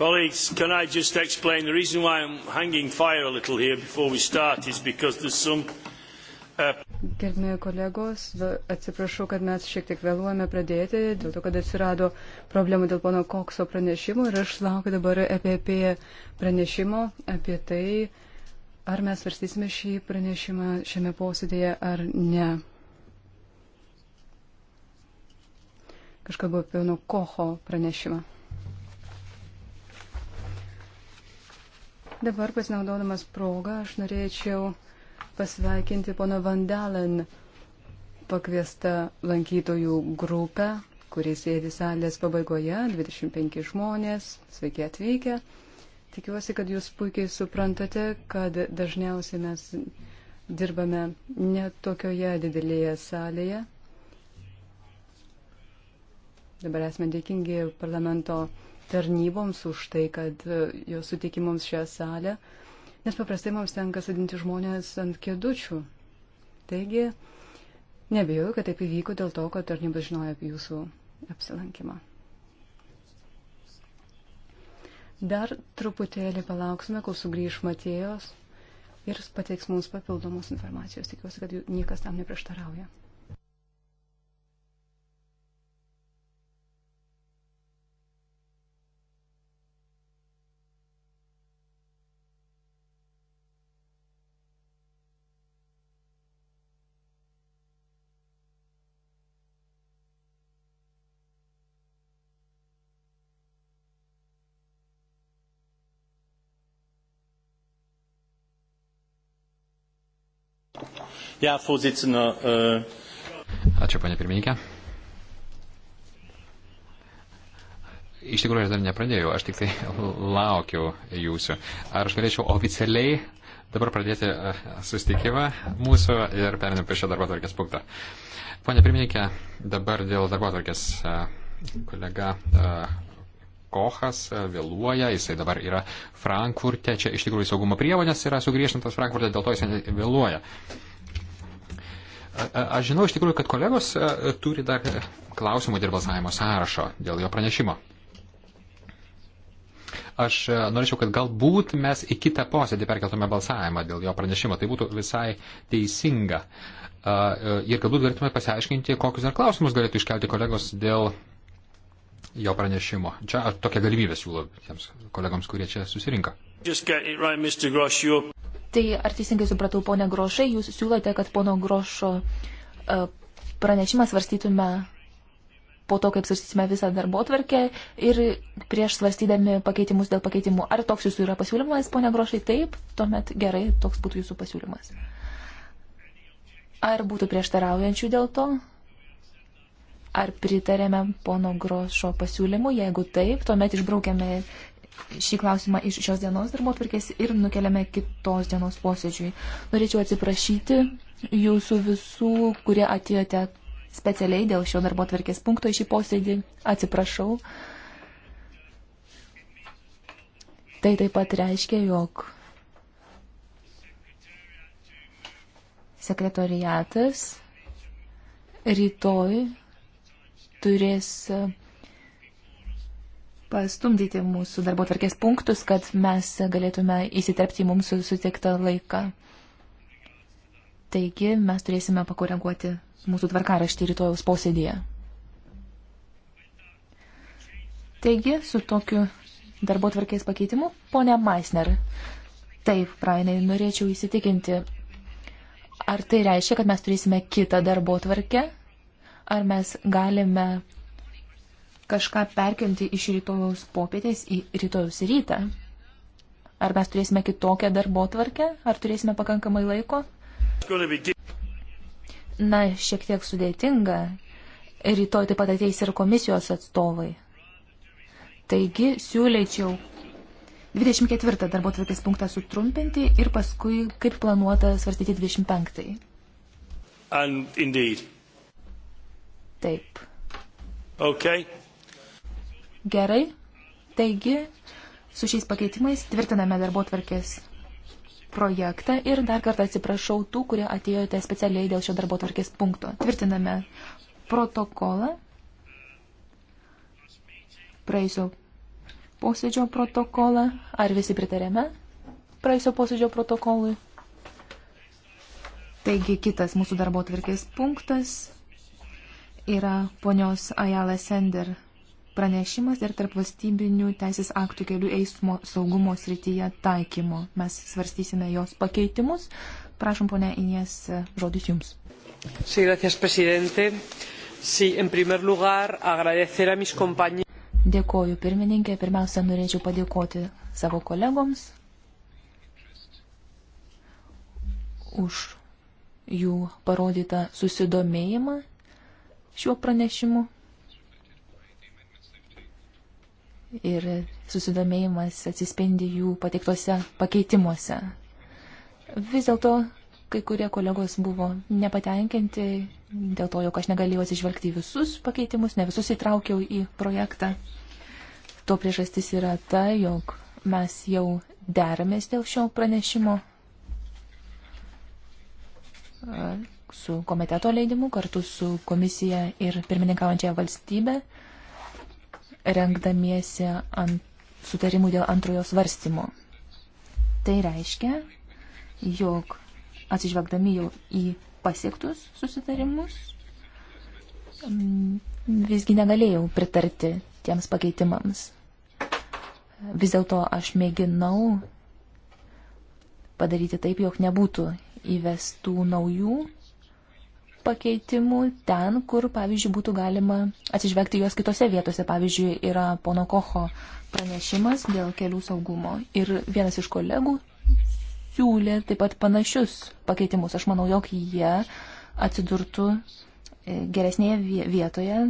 Colleagues, can I just explain the reason why I'm hanging fire a little here before we start is because there's some. Uh... Gerbėjai kolegos, atsiprašau, kad mes šiek tiek vėluojame pradėti, dėl to, kad atsirado problemų dėl pono Kokso pranešimo ir aš laukiu dabar apie, apie pranešimo, apie tai, ar mes svarstysime šį pranešimą šiame posėdėje ar ne. Kažkabu apie pono Koho pranešimą. Dabar pasinaudodamas progą aš norėčiau pasveikinti pono Vandalen pakviestą lankytojų grupę, kuris sėdi salės pabaigoje, 25 žmonės, sveiki atvykę. Tikiuosi, kad jūs puikiai suprantate, kad dažniausiai mes dirbame ne tokioje didelėje salėje. Dabar esame dėkingi parlamento tarnyboms už tai, kad e, jos suteikė mums šią salę, nes paprastai mums tenka sadinti žmonės ant kėdučių. Taigi, nebejoju, kad taip įvyko dėl to, kad tarnybos žinojo apie jūsų apsilankimą. Dar truputėlį palauksime, kol sugrįž Matėjos ir pateiks mums papildomos informacijos. Tikiuosi, kad niekas tam neprieštarauja. Ja, Vorsitzende. Uh... Äh, Ačiū, panė pirmininkė. Iš tikrųjų, aš dar nepradėjau, aš tik tai laukiau jūsų. Ar aš galėčiau oficialiai dabar pradėti äh, susitikimą mūsų ir perėmėm prie šio darbo atvarkės punktą. Pone pirmininkė, dabar dėl darbo atvarkės äh, kolega Kochas vėluoja, jisai dabar yra Frankfurte, čia iš tikrųjų saugumo priemonės yra sugriežtintas Frankfurte, dėl to jisai vėluoja. Uh, Aš žinau iš tikrųjų, kad kolegos e, turi dar klausimų dėl balsavimo sąrašo, dėl jo pranešimo. Aš e, norėčiau, kad galbūt mes į kitą posėdį perkeltume balsavimą dėl jo pranešimo. Tai būtų visai teisinga. E, ir galbūt galėtume pasiaiškinti, kokius dar klausimus galėtų iškelti kolegos dėl jo pranešimo. Čia tokia galimybė siūlau tiems kolegoms, kurie čia susirinka. Right, Grosh, Tai ar teisingai supratau, ponė Grošai, jūs siūlote, kad pono Grošo e, pranešimą svarstytume po to, kaip svarstysime visą darbo tvarkę ir prieš svarstydami pakeitimus dėl pakeitimų. Ar toks jūsų yra pasiūlymas, ponia Grošai? Taip, tuomet gerai, toks būtų jūsų pasiūlymas. Ar būtų prieštaraujančių dėl to? Ar pritarėme pono Grošo pasiūlymų? Jeigu taip, tuomet išbraukėme šį klausimą iš šios dienos darbo atvarkės ir nukeliame kitos dienos posėdžiui. Norėčiau atsiprašyti jūsų visų, kurie atėjote specialiai dėl šio darbo atvarkės punkto į šį posėdį. Atsiprašau. Tai taip pat reiškia, jog sekretoriatas rytoj turės pastumdyti mūsų darbo tvarkės punktus, kad mes galėtume įsiterpti į mums sutiktą laiką. Taigi mes turėsime pakoreguoti mūsų tvarkaraštį rytojaus posėdėje. Taigi, su tokiu darbo tvarkės pakeitimu, ponia Meisner. Taip, Prainai, norėčiau įsitikinti, ar tai reiškia, kad mes turėsime kitą darbo tvarkę, ar mes galime kažką perkelti iš rytojus popietės į rytojus rytą? Ar mes turėsime kitokią darbo tvarkę? Ar turėsime pakankamai laiko? Na, šiek tiek sudėtinga. Rytoj taip pat ateis ir komisijos atstovai. Taigi, siūlyčiau 24 darbo tvarkės punktą sutrumpinti ir paskui, kaip planuota, svarstyti 25. And indeed. Taip. Okay. Gerai. Taigi, su šiais pakeitimais tvirtiname darbo tvarkės projektą ir dar kartą atsiprašau tų, kurie atėjote specialiai dėl šio darbo tvarkės punkto. Tvirtiname protokolą, praėjusio posėdžio protokolą. Ar visi pritarėme praėjusio posėdžio protokolui? Taigi kitas mūsų darbo tvarkės punktas yra ponios Ajala Sender pranešimas ir tarp valstybinių teisės aktų kelių eismo saugumo srityje taikymo. Mes svarstysime jos pakeitimus. Prašom, ponia Inies, žodis jums. Sí, gracias, presidente. Sí, en primer lugar, agradecer a mis compañeros. Dėkoju, pirmininkė. Pirmiausia, norėčiau padėkoti savo kolegoms už jų parodytą susidomėjimą šiuo pranešimu. ir susidomėjimas atsispindi jų pateiktuose pakeitimuose. Vis dėlto kai kurie kolegos buvo nepatenkinti dėl to, jog aš negalėjau atsižvelgti į visus pakeitimus, ne visus įtraukiau į projektą. To priežastis yra ta, jog mes jau deramės dėl šio pranešimo su komiteto leidimu kartu su komisija ir pirmininkaujančia valstybė rengdamiesi ant sutarimų dėl antrojo svarstymo. Tai reiškia, jog atsižvelgdami jau į pasiektus susitarimus, mm, visgi negalėjau pritarti tiems pakeitimams. Vis dėlto aš mėginau padaryti taip, jog nebūtų įvestų naujų pakeitimų ten, kur, pavyzdžiui, būtų galima atsižvelgti juos kitose vietose. Pavyzdžiui, yra pono Kocho pranešimas dėl kelių saugumo. Ir vienas iš kolegų siūlė taip pat panašius pakeitimus. Aš manau, jog jie atsidurtų e, geresnėje vietoje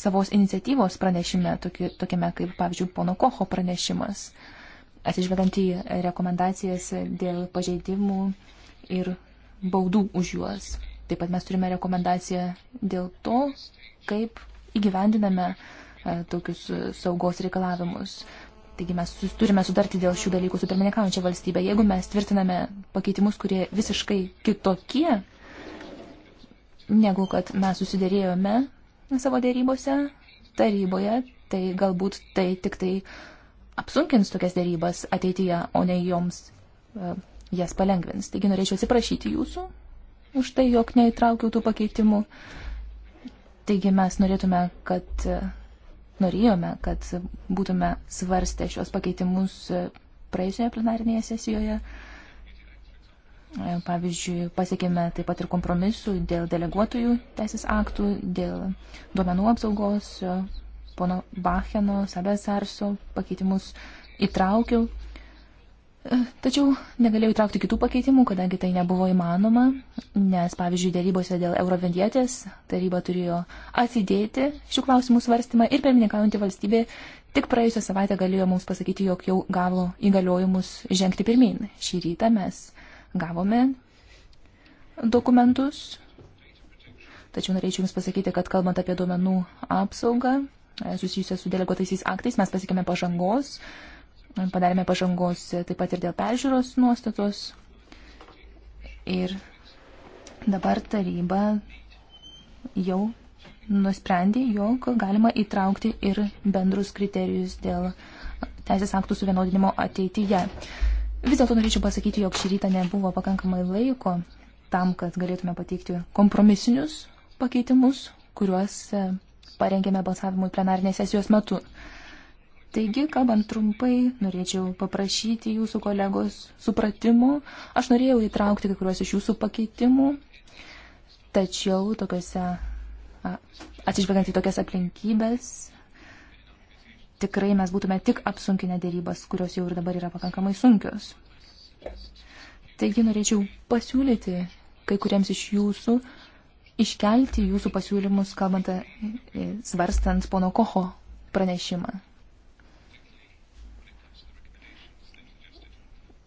savos iniciatyvos pranešime, tokie, tokiame kaip, pavyzdžiui, pono Kocho pranešimas, atsižvelgiant į rekomendacijas dėl pažeidimų ir baudų už juos. Taip pat mes turime rekomendaciją dėl to, kaip įgyvendiname e, tokius e, saugos reikalavimus. Taigi mes turime sudarti dėl šių dalykų su pirmininkaujančia valstybė. Jeigu mes tvirtiname pakeitimus, kurie visiškai kitokie, negu kad mes susidėrėjome savo dėrybose, taryboje, tai galbūt tai tik tai apsunkins tokias dėrybas ateityje, o ne joms e, jas palengvins. Taigi norėčiau atsiprašyti jūsų už tai, jog neįtraukiau tų pakeitimų. Taigi mes norėtume, kad norėjome, kad būtume svarstę šios pakeitimus praėjusioje plenarinėje sesijoje. Pavyzdžiui, pasiekėme taip pat ir kompromisų dėl deleguotojų teisės aktų, dėl duomenų apsaugos, pono Bacheno, Sabesarso pakeitimus įtraukiau Tačiau negalėjau įtraukti kitų pakeitimų, kadangi tai nebuvo įmanoma, nes, pavyzdžiui, dėrybose dėl eurovendietės taryba turėjo atidėti šių klausimų svarstymą ir pirmininkaujantį valstybė tik praėjusią savaitę galėjo mums pasakyti, jog jau gavo įgaliojimus žengti pirmin. Šį rytą mes gavome dokumentus, tačiau norėčiau Jums pasakyti, kad kalbant apie duomenų apsaugą susijusią su deleguotaisiais aktais, mes pasiekėme pažangos padarėme pažangos taip pat ir dėl peržiūros nuostatos. Ir dabar taryba jau nusprendė, jog galima įtraukti ir bendrus kriterijus dėl teisės aktų suvienodinimo ateityje. Vis dėlto norėčiau pasakyti, jog šį rytą nebuvo pakankamai laiko tam, kad galėtume pateikti kompromisinius pakeitimus, kuriuos parengėme balsavimui plenarinės sesijos metu. Taigi, kalbant trumpai, norėčiau paprašyti jūsų kolegos supratimų. Aš norėjau įtraukti kai kuriuos iš jūsų pakeitimų, tačiau tokiuose, atsižvelgiant į tokias aplinkybės, tikrai mes būtume tik apsunkinę dėrybas, kurios jau ir dabar yra pakankamai sunkios. Taigi, norėčiau pasiūlyti kai kuriems iš jūsų iškelti jūsų pasiūlymus, kalbant, e, svarstant pono Koho pranešimą.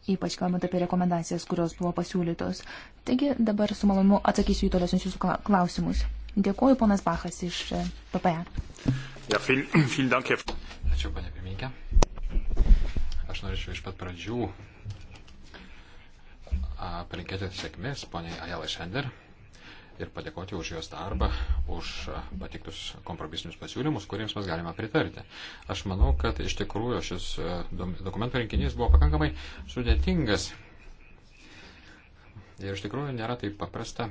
ypač kalbant apie rekomendacijas, kurios buvo pasiūlytos. Taigi dabar su malonu atsakysiu į tolesnius jūsų klausimus. Dėkuoju, ponas Bachas iš PPE. E. Ja, viel, viel dank, Ačiū, panė Piminkė. Aš norėčiau iš pat pradžių palinkėti sėkmės poniai Ajala Šender ir padėkoti už jos darbą, už patiktus kompromisinius pasiūlymus, kuriems mes galime pritarti. Aš manau, kad iš tikrųjų šis e, dokumentų rinkinys buvo pakankamai sudėtingas ir iš tikrųjų nėra taip paprasta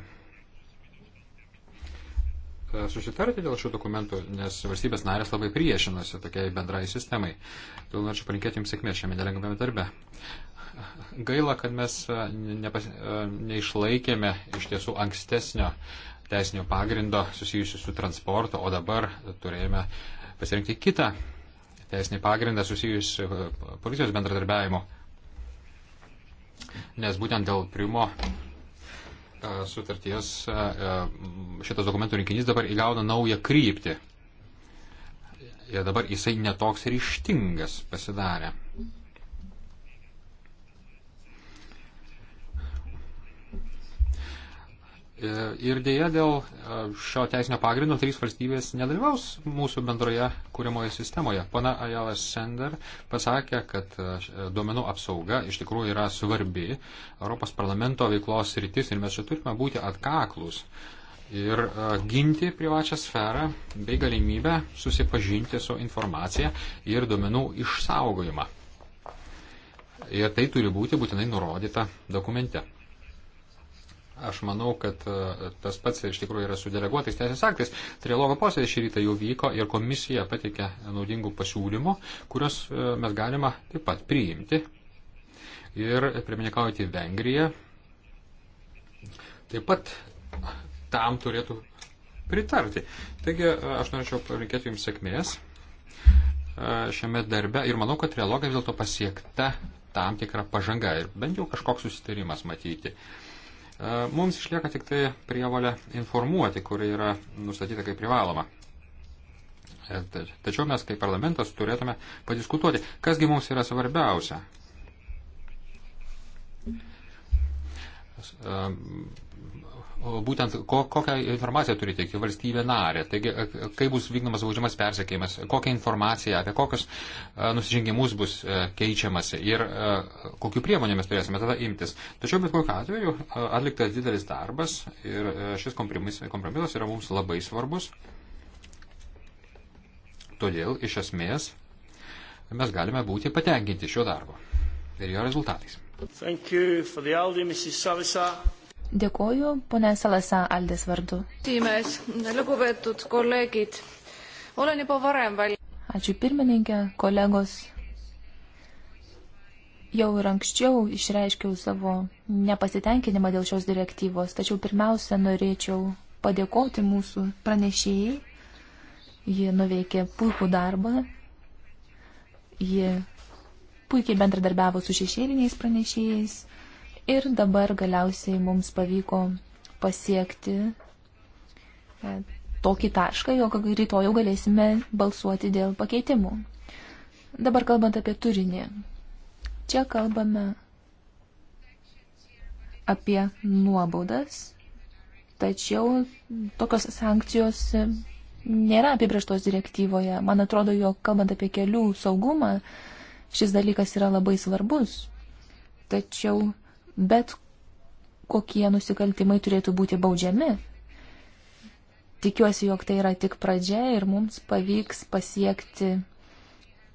e, susitarti dėl šių dokumentų, nes valstybės narės labai priešinasi tokiai bendrai sistemai. Todėl norėčiau palinkėti jums sėkmės šiame nelengvame darbe gaila, kad mes e, nepas, e, neišlaikėme iš tiesų ankstesnio teisinio pagrindo susijusiu su transportu, o dabar turėjome pasirinkti kitą teisinį pagrindą susijusiu su e, policijos bendradarbiavimu. Nes būtent dėl primo sutarties šitas dokumentų rinkinys dabar įgauna naują kryptį. Ir dabar jisai netoks ryštingas pasidarė. Mm. E, ir dėja dėl e, šio teisinio pagrindo trys valstybės nedalyvaus mūsų bendroje kūrimoje sistemoje. Pana Ajala Sender pasakė, kad e, duomenų apsauga iš tikrųjų yra svarbi Europos parlamento veiklos rytis ir mes čia turime būti atkaklus ir ginti privačią sferą bei galimybę susipažinti su informacija ir duomenų išsaugojimą. Ir tai turi būti būtinai nurodyta dokumente. Aš manau, kad e, tas pats iš tikrųjų yra su deleguotais teisės aktais. Trilogo posėdė šį rytą jau vyko ir komisija pateikė naudingų pasiūlymų, kuriuos e, mes galima taip pat priimti. Ir pirmininkaujantį Vengriją taip pat tam turėtų pritarti. Taigi e, aš norėčiau palinkėti Jums sėkmės šiame darbe ir manau, kad trilogai vis dėlto pasiekta tam tikra pažanga ir bent jau kažkoks susitarimas matyti. Uh, E, mums išlieka tik tai prievalė informuoti, kuri yra nustatyta kaip privaloma. E, tačiau mes kaip parlamentas turėtume padiskutuoti, kasgi mums yra svarbiausia. E, būtent ko, kokią informaciją turi teikti valstybė narė, taigi e, kaip bus vykdomas baudžiamas persekėjimas, kokią informaciją, apie kokius e, nusižengimus bus e, keičiamasi ir kokiu priemonėmis turėsime tada imtis. Tačiau bet kokiu atveju atliktas didelis darbas ir šis kompromisas yra mums labai svarbus. Todėl iš esmės mes galime būti patenkinti šio darbo ir jo rezultatais. Thank you for the Aldi, Mrs. Savisa. Dėkoju, ponė Salasa Aldės vardu. Tymes, lugupeetud kolleegid, olen juba varem väl-. Ačiū pirmininkė, kolegos. Jau ir anksčiau išreiškiau savo nepasitenkinimą dėl šios direktyvos, tačiau pirmiausia norėčiau padėkoti mūsų pranešėjai. Ji nuveikė puikų darbą. Ji puikiai bendradarbiavo su šešėliniais pranešėjais Ir dabar galiausiai mums pavyko pasiekti e, tokį tašką, jog rytoj jau galėsime balsuoti dėl pakeitimų. Dabar kalbant apie turinį. Čia kalbame apie nuobaudas, tačiau tokios sankcijos nėra apibrieštos direktyvoje. Man atrodo, jog kalbant apie kelių saugumą, šis dalykas yra labai svarbus. Tačiau bet kokie nusikaltimai turėtų būti baudžiami. Tikiuosi, jog tai yra tik pradžia ir mums pavyks pasiekti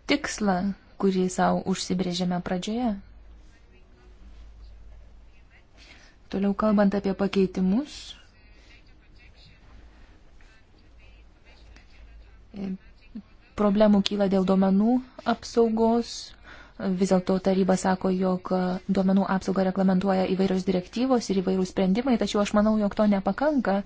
tikslą, kurį savo užsibrėžėme pradžioje. Toliau kalbant apie pakeitimus. E, problemų kyla dėl duomenų apsaugos Vis dėlto taryba sako, jog duomenų apsaugą reglamentuoja įvairios direktyvos ir įvairių sprendimai, tačiau aš manau, jog to nepakanka.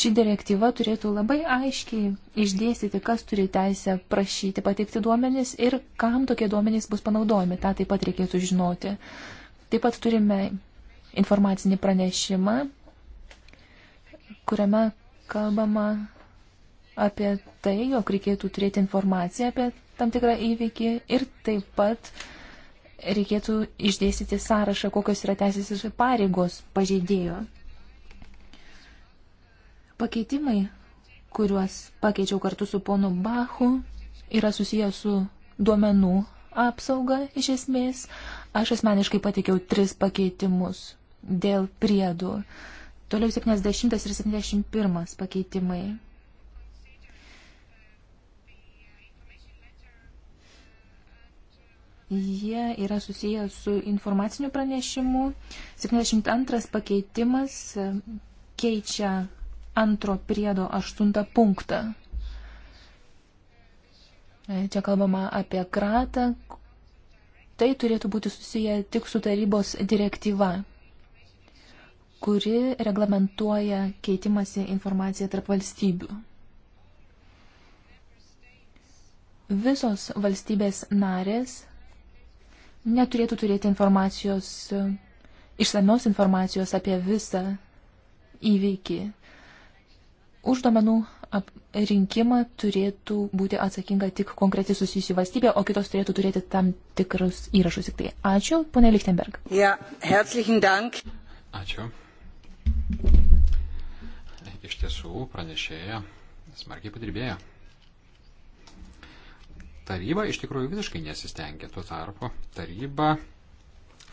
Ši direktyva turėtų labai aiškiai išdėstyti, kas turi teisę prašyti pateikti duomenys ir kam tokie duomenys bus panaudojami. Ta taip pat reikėtų žinoti. Taip pat turime informacinį pranešimą, kuriame kalbama apie tai, jog reikėtų turėti informaciją apie tam tikrą įvykį ir taip pat reikėtų išdėstyti sąrašą, kokios yra teisės ir pareigos pažeidėjo. Pakeitimai, kuriuos pakeičiau kartu su ponu Bachu, yra susijęs su duomenų apsauga iš esmės. Aš asmeniškai pateikiau tris pakeitimus dėl priedų. Toliau 70 ir 71 pakeitimai. Jie yra susiję su informaciniu pranešimu. 72 pakeitimas e, keičia antro priedo aštuntą punktą. E, čia kalbama apie kratą. Tai turėtų būti susiję tik su tarybos direktyva, kuri reglamentuoja keitimasi informaciją tarp valstybių. Visos valstybės narės neturėtų turėti informacijos, e, išsamios informacijos apie visą įvykį. Už domenų rinkimą turėtų būti atsakinga tik konkreti susijusi valstybė, o kitos turėtų turėti tam tikrus įrašus. Tik tai. Ačiū, ponė Lichtenberg. Ja, herzlichen Dank. Ačiū. Iš tiesų, pranešėja smarkiai padirbėjo taryba iš tikrųjų visiškai nesistengia. Tuo tarpu taryba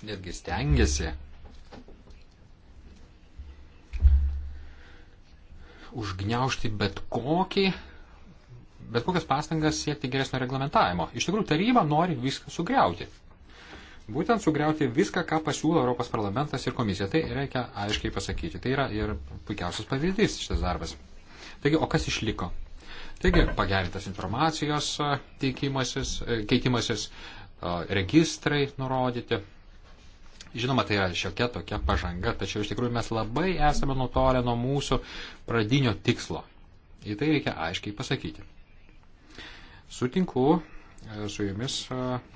netgi stengiasi užgneušti bet kokį, bet kokias pastangas siekti geresnio reglamentavimo. Iš tikrųjų, taryba nori viską sugriauti. Būtent sugriauti viską, ką pasiūlo Europos parlamentas ir komisija. Tai reikia aiškiai pasakyti. Tai yra ir puikiausias pavyzdys šitas darbas. Taigi, o kas išliko? Taigi pagerintas informacijos teikimasis, keitimasis, registrai nurodyti. Žinoma, tai yra šiokia tokia pažanga, tačiau iš tikrųjų mes labai esame nutolę nuo mūsų pradinio tikslo. Į tai reikia aiškiai pasakyti. Sutinku e, su jumis,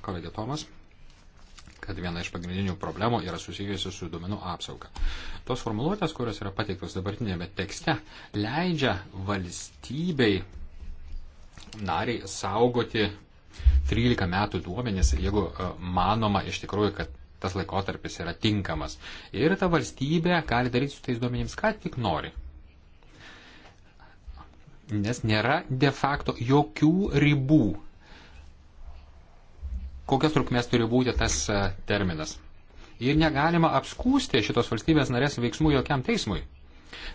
kolegė Tomas, kad viena iš pagrindinių problemų yra susijusi su duomenų apsauga. Tos formuluotės, kurios yra pateiktos dabartinėme tekste, leidžia valstybei nariai saugoti 13 metų duomenis, jeigu e, manoma iš tikrųjų, kad tas laikotarpis yra tinkamas. Ir ta valstybė gali daryti su tais duomenims, ką tik nori. Nes nėra de facto jokių ribų, kokios trukmės turi būti tas e, terminas. Ir negalima apskūsti šitos valstybės narės veiksmų jokiam teismui.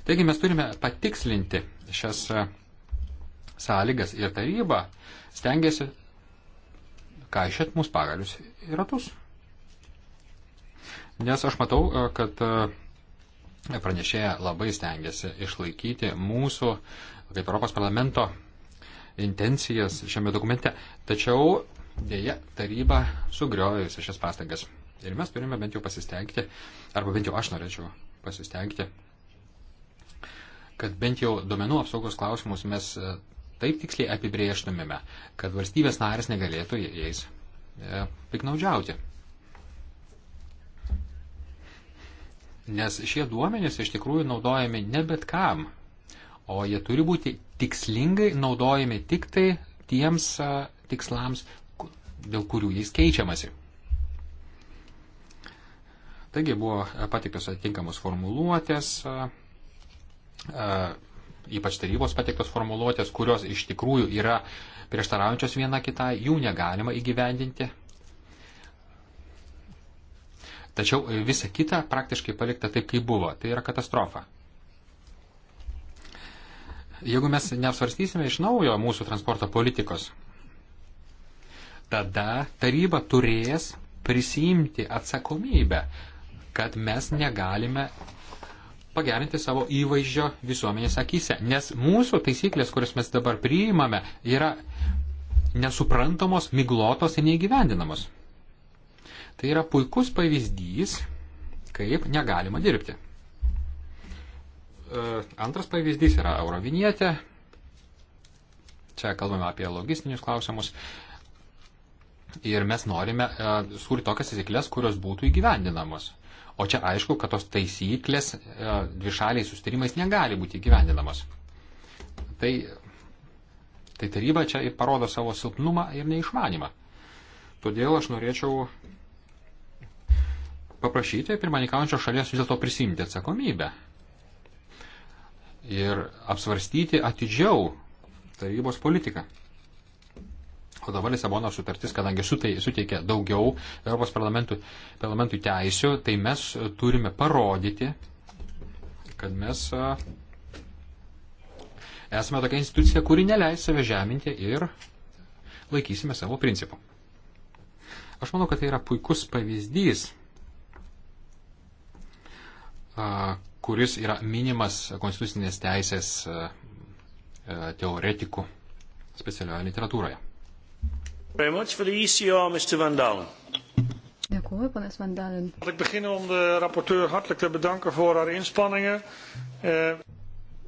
Taigi mes turime patikslinti šias e, sąlygas ir taryba stengiasi kaišėt mūsų pagalius į ratus. Nes aš matau, e, kad e, pranešėja labai stengiasi išlaikyti mūsų, kaip Europos parlamento, intencijas šiame dokumente. Tačiau dėja taryba sugriojo visas šias pastangas. Ir mes turime bent jau pasistengti, arba bent jau aš norėčiau pasistengti, kad bent jau domenų apsaugos klausimus mes e, taip tiksliai apibrieštumėme, kad valstybės narės negalėtų jais e, piknaudžiauti. Nes šie duomenys iš tikrųjų naudojami ne bet kam, o jie turi būti tikslingai naudojami tik tai tiems e, tikslams, dėl kurių jais keičiamasi. Taigi buvo patiktos atitinkamos formuluotės, e, ypač tarybos pateiktos formuluotės, kurios iš tikrųjų yra prieštaraujančios viena kitai, jų negalima įgyvendinti. Tačiau e, visa kita praktiškai palikta taip, kaip buvo. Tai yra katastrofa. Jeigu mes neapsvarstysime iš naujo mūsų transporto politikos, tada taryba turės prisimti atsakomybę, kad mes negalime pagerinti savo įvaizdžio visuomenės akise. Nes mūsų taisyklės, kurias mes dabar priimame, yra nesuprantamos, miglotos ir neįgyvendinamos. Tai yra puikus pavyzdys, kaip negalima dirbti. E, antras pavyzdys yra Eurovinietė. Čia kalbame apie logistinius klausimus. Ir mes norime e, sukurti tokias taisyklės, kurios būtų įgyvendinamos. O čia aišku, kad tos taisyklės e, dvišaliais sustarimais negali būti gyvendinamos. Tai, tai taryba čia ir parodo savo silpnumą ir neišmanimą. Todėl aš norėčiau paprašyti pirmininkaujančios šalies vis dėlto prisimti atsakomybę ir apsvarstyti atidžiau tarybos politiką. O dabar Lisabono sutartis, kadangi suteikia daugiau Europos parlamentui teisių, tai mes e, turime parodyti, kad mes e, esame tokia institucija, kuri neleis save žeminti ir laikysime savo principų. Aš manau, kad tai yra puikus pavyzdys, e, kuris yra minimas konstitucinės teisės teoretikų specialioje literatūroje. Dėkuoju, panas Vandalin.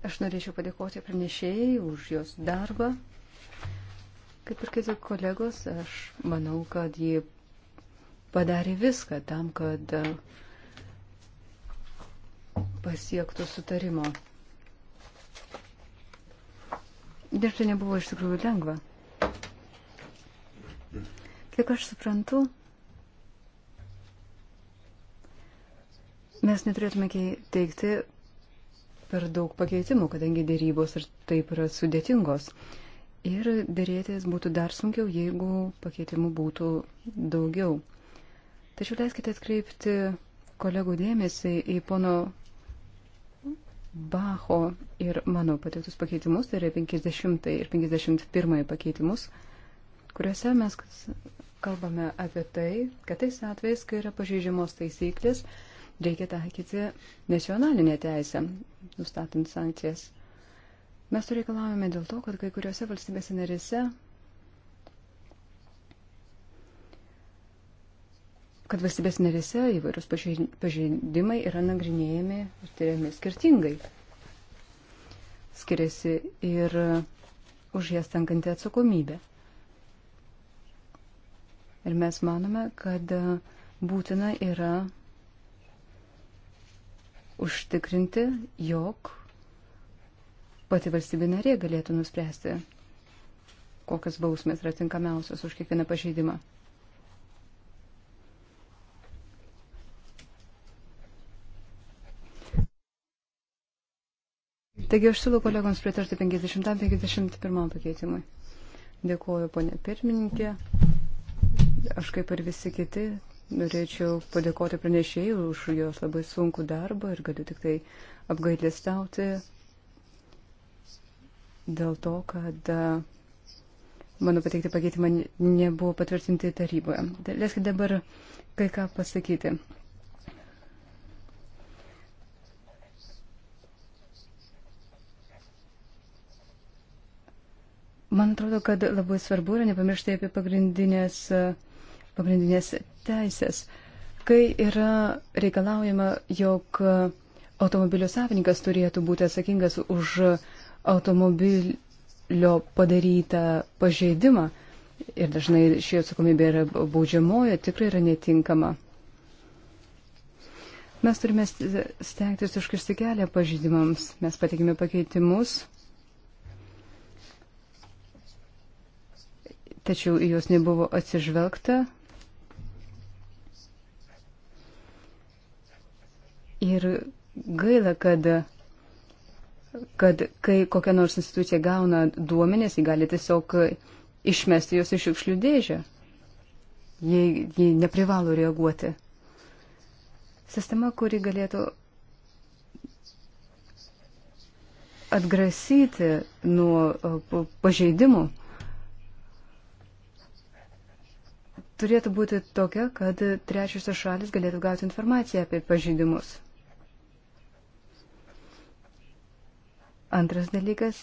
Aš norėčiau padėkoti pranešėjai už jos darbą. Kaip ir kiti kolegos, aš manau, kad ji padarė viską tam, kad eh, pasiektų sutarimo. Dirbti nebuvo iš tikrųjų lengva. Kiek aš suprantu, mes neturėtume teikti per daug pakeitimų, kadangi dėrybos ir taip yra sudėtingos. Ir dėrėtis būtų dar sunkiau, jeigu pakeitimų būtų daugiau. Tačiau leiskite atkreipti kolegų dėmesį į pono Bacho ir mano pateiktus pakeitimus, tai yra 50 ir 51 pakeitimus, kuriuose mes kalbame apie tai, kad tais atvejais, kai yra pažeidžiamos taisyklės, reikia taikyti nacionalinę teisę, nustatant sankcijas. Mes to reikalavome dėl to, kad kai kuriuose valstybėse narėse, kad valstybės narėse įvairūs pažeidimai yra nagrinėjami ir tyriami skirtingai. Skiriasi ir už jas tenkanti atsakomybė. Ir mes manome, kad būtina yra užtikrinti, jog pati valstybė narė galėtų nuspręsti, kokias bausmės yra tinkamiausios už kiekvieną pažeidimą. Taigi aš siūlau kolegoms pritarti 50-51 pakeitimui. Dėkuoju, ponė pirmininkė. Aš kaip ir visi kiti norėčiau padėkoti pranešėjai už jos labai sunkų darbą ir galiu tik tai apgailestauti dėl to, kad mano pateikti pakeitimą nebuvo patvirtinti taryboje. Leiskite dabar kai ką pasakyti. Man atrodo, kad labai svarbu yra nepamiršti apie pagrindinės uh, pagrindinės teisės, kai yra reikalaujama, jog automobilio savininkas turėtų būti atsakingas už automobilio padarytą pažeidimą ir dažnai ši atsakomybė yra baudžiamoja, tikrai yra netinkama. Mes turime stengtis užkirsti kelią pažydimams. Mes patikime pakeitimus, tačiau į juos nebuvo atsižvelgta. Ir gaila, kad, kad kai kokia nors institucija gauna duomenės, ji gali tiesiog išmesti juos iš šiukšlių dėžę. Ji, ji neprivalo reaguoti. Sistema, kuri galėtų atgrasyti nuo pažeidimų, turėtų būti tokia, kad trečiosios šalis galėtų gauti informaciją apie pažeidimus. Antras dalykas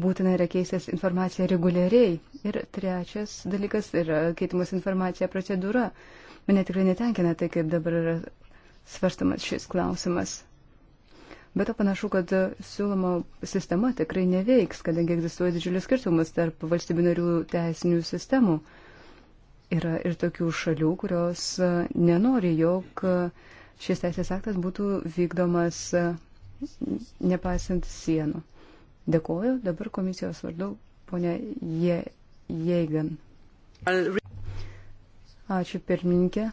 būtina yra keistis informacija reguliariai. Ir trečias dalykas yra keitimas informacija procedūra. Mane tikrai netenkina tai, kaip dabar yra svarstamas šis klausimas. Bet to panašu, kad siūloma sistema tikrai neveiks, kadangi egzistuoja didžiulis skirtumas tarp valstybių narių teisinių sistemų. Yra ir tokių šalių, kurios nenori, jog šis teisės aktas būtų vykdomas nepaisant sienų. Dėkoju dabar komisijos vardu, ponia Je, Jeigan. Ačiū pirmininkė.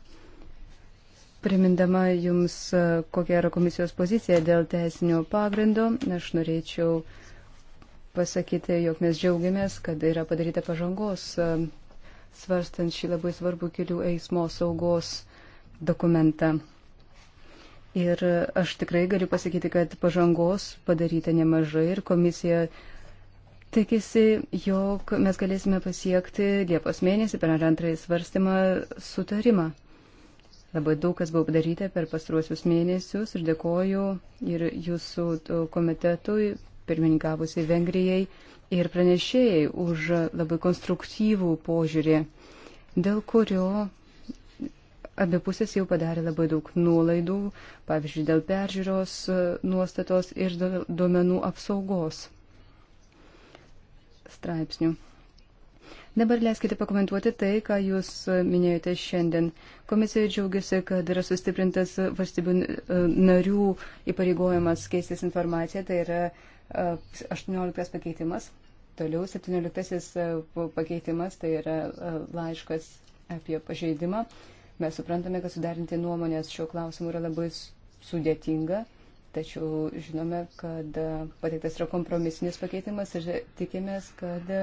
Primindama Jums, e, kokia yra komisijos pozicija dėl teisinio pagrindo, aš norėčiau pasakyti, jog mes džiaugiamės, kad yra padaryta pažangos e, svarstant šį labai svarbų kelių eismo saugos dokumentą. Ir aš tikrai galiu pasakyti, kad pažangos padaryta nemažai ir komisija tikisi, jog mes galėsime pasiekti Liepos mėnesį per antrąjį svarstymą sutarimą. Labai daug kas buvo padaryta per pastruosius mėnesius ir dėkoju ir jūsų komitetui, pirmininkavusiai Vengrijai ir pranešėjai už labai konstruktyvų požiūrį, dėl kurio abipusės jau padarė labai daug nuolaidų, pavyzdžiui, dėl peržiūros e, nuostatos ir duomenų apsaugos straipsnių. Dabar leiskite pakomentuoti tai, ką Jūs minėjote šiandien. Komisija džiaugiasi, kad yra sustiprintas valstybių e, narių įpareigojimas keistis informaciją, tai yra 18 e, pakeitimas. Toliau 17 pakeitimas, tai yra laiškas apie pažeidimą. Mes suprantame, kad sudarinti nuomonės šiuo klausimu yra labai sudėtinga, tačiau žinome, kad e, pateiktas yra kompromisinis pakeitimas ir tikimės, kad e,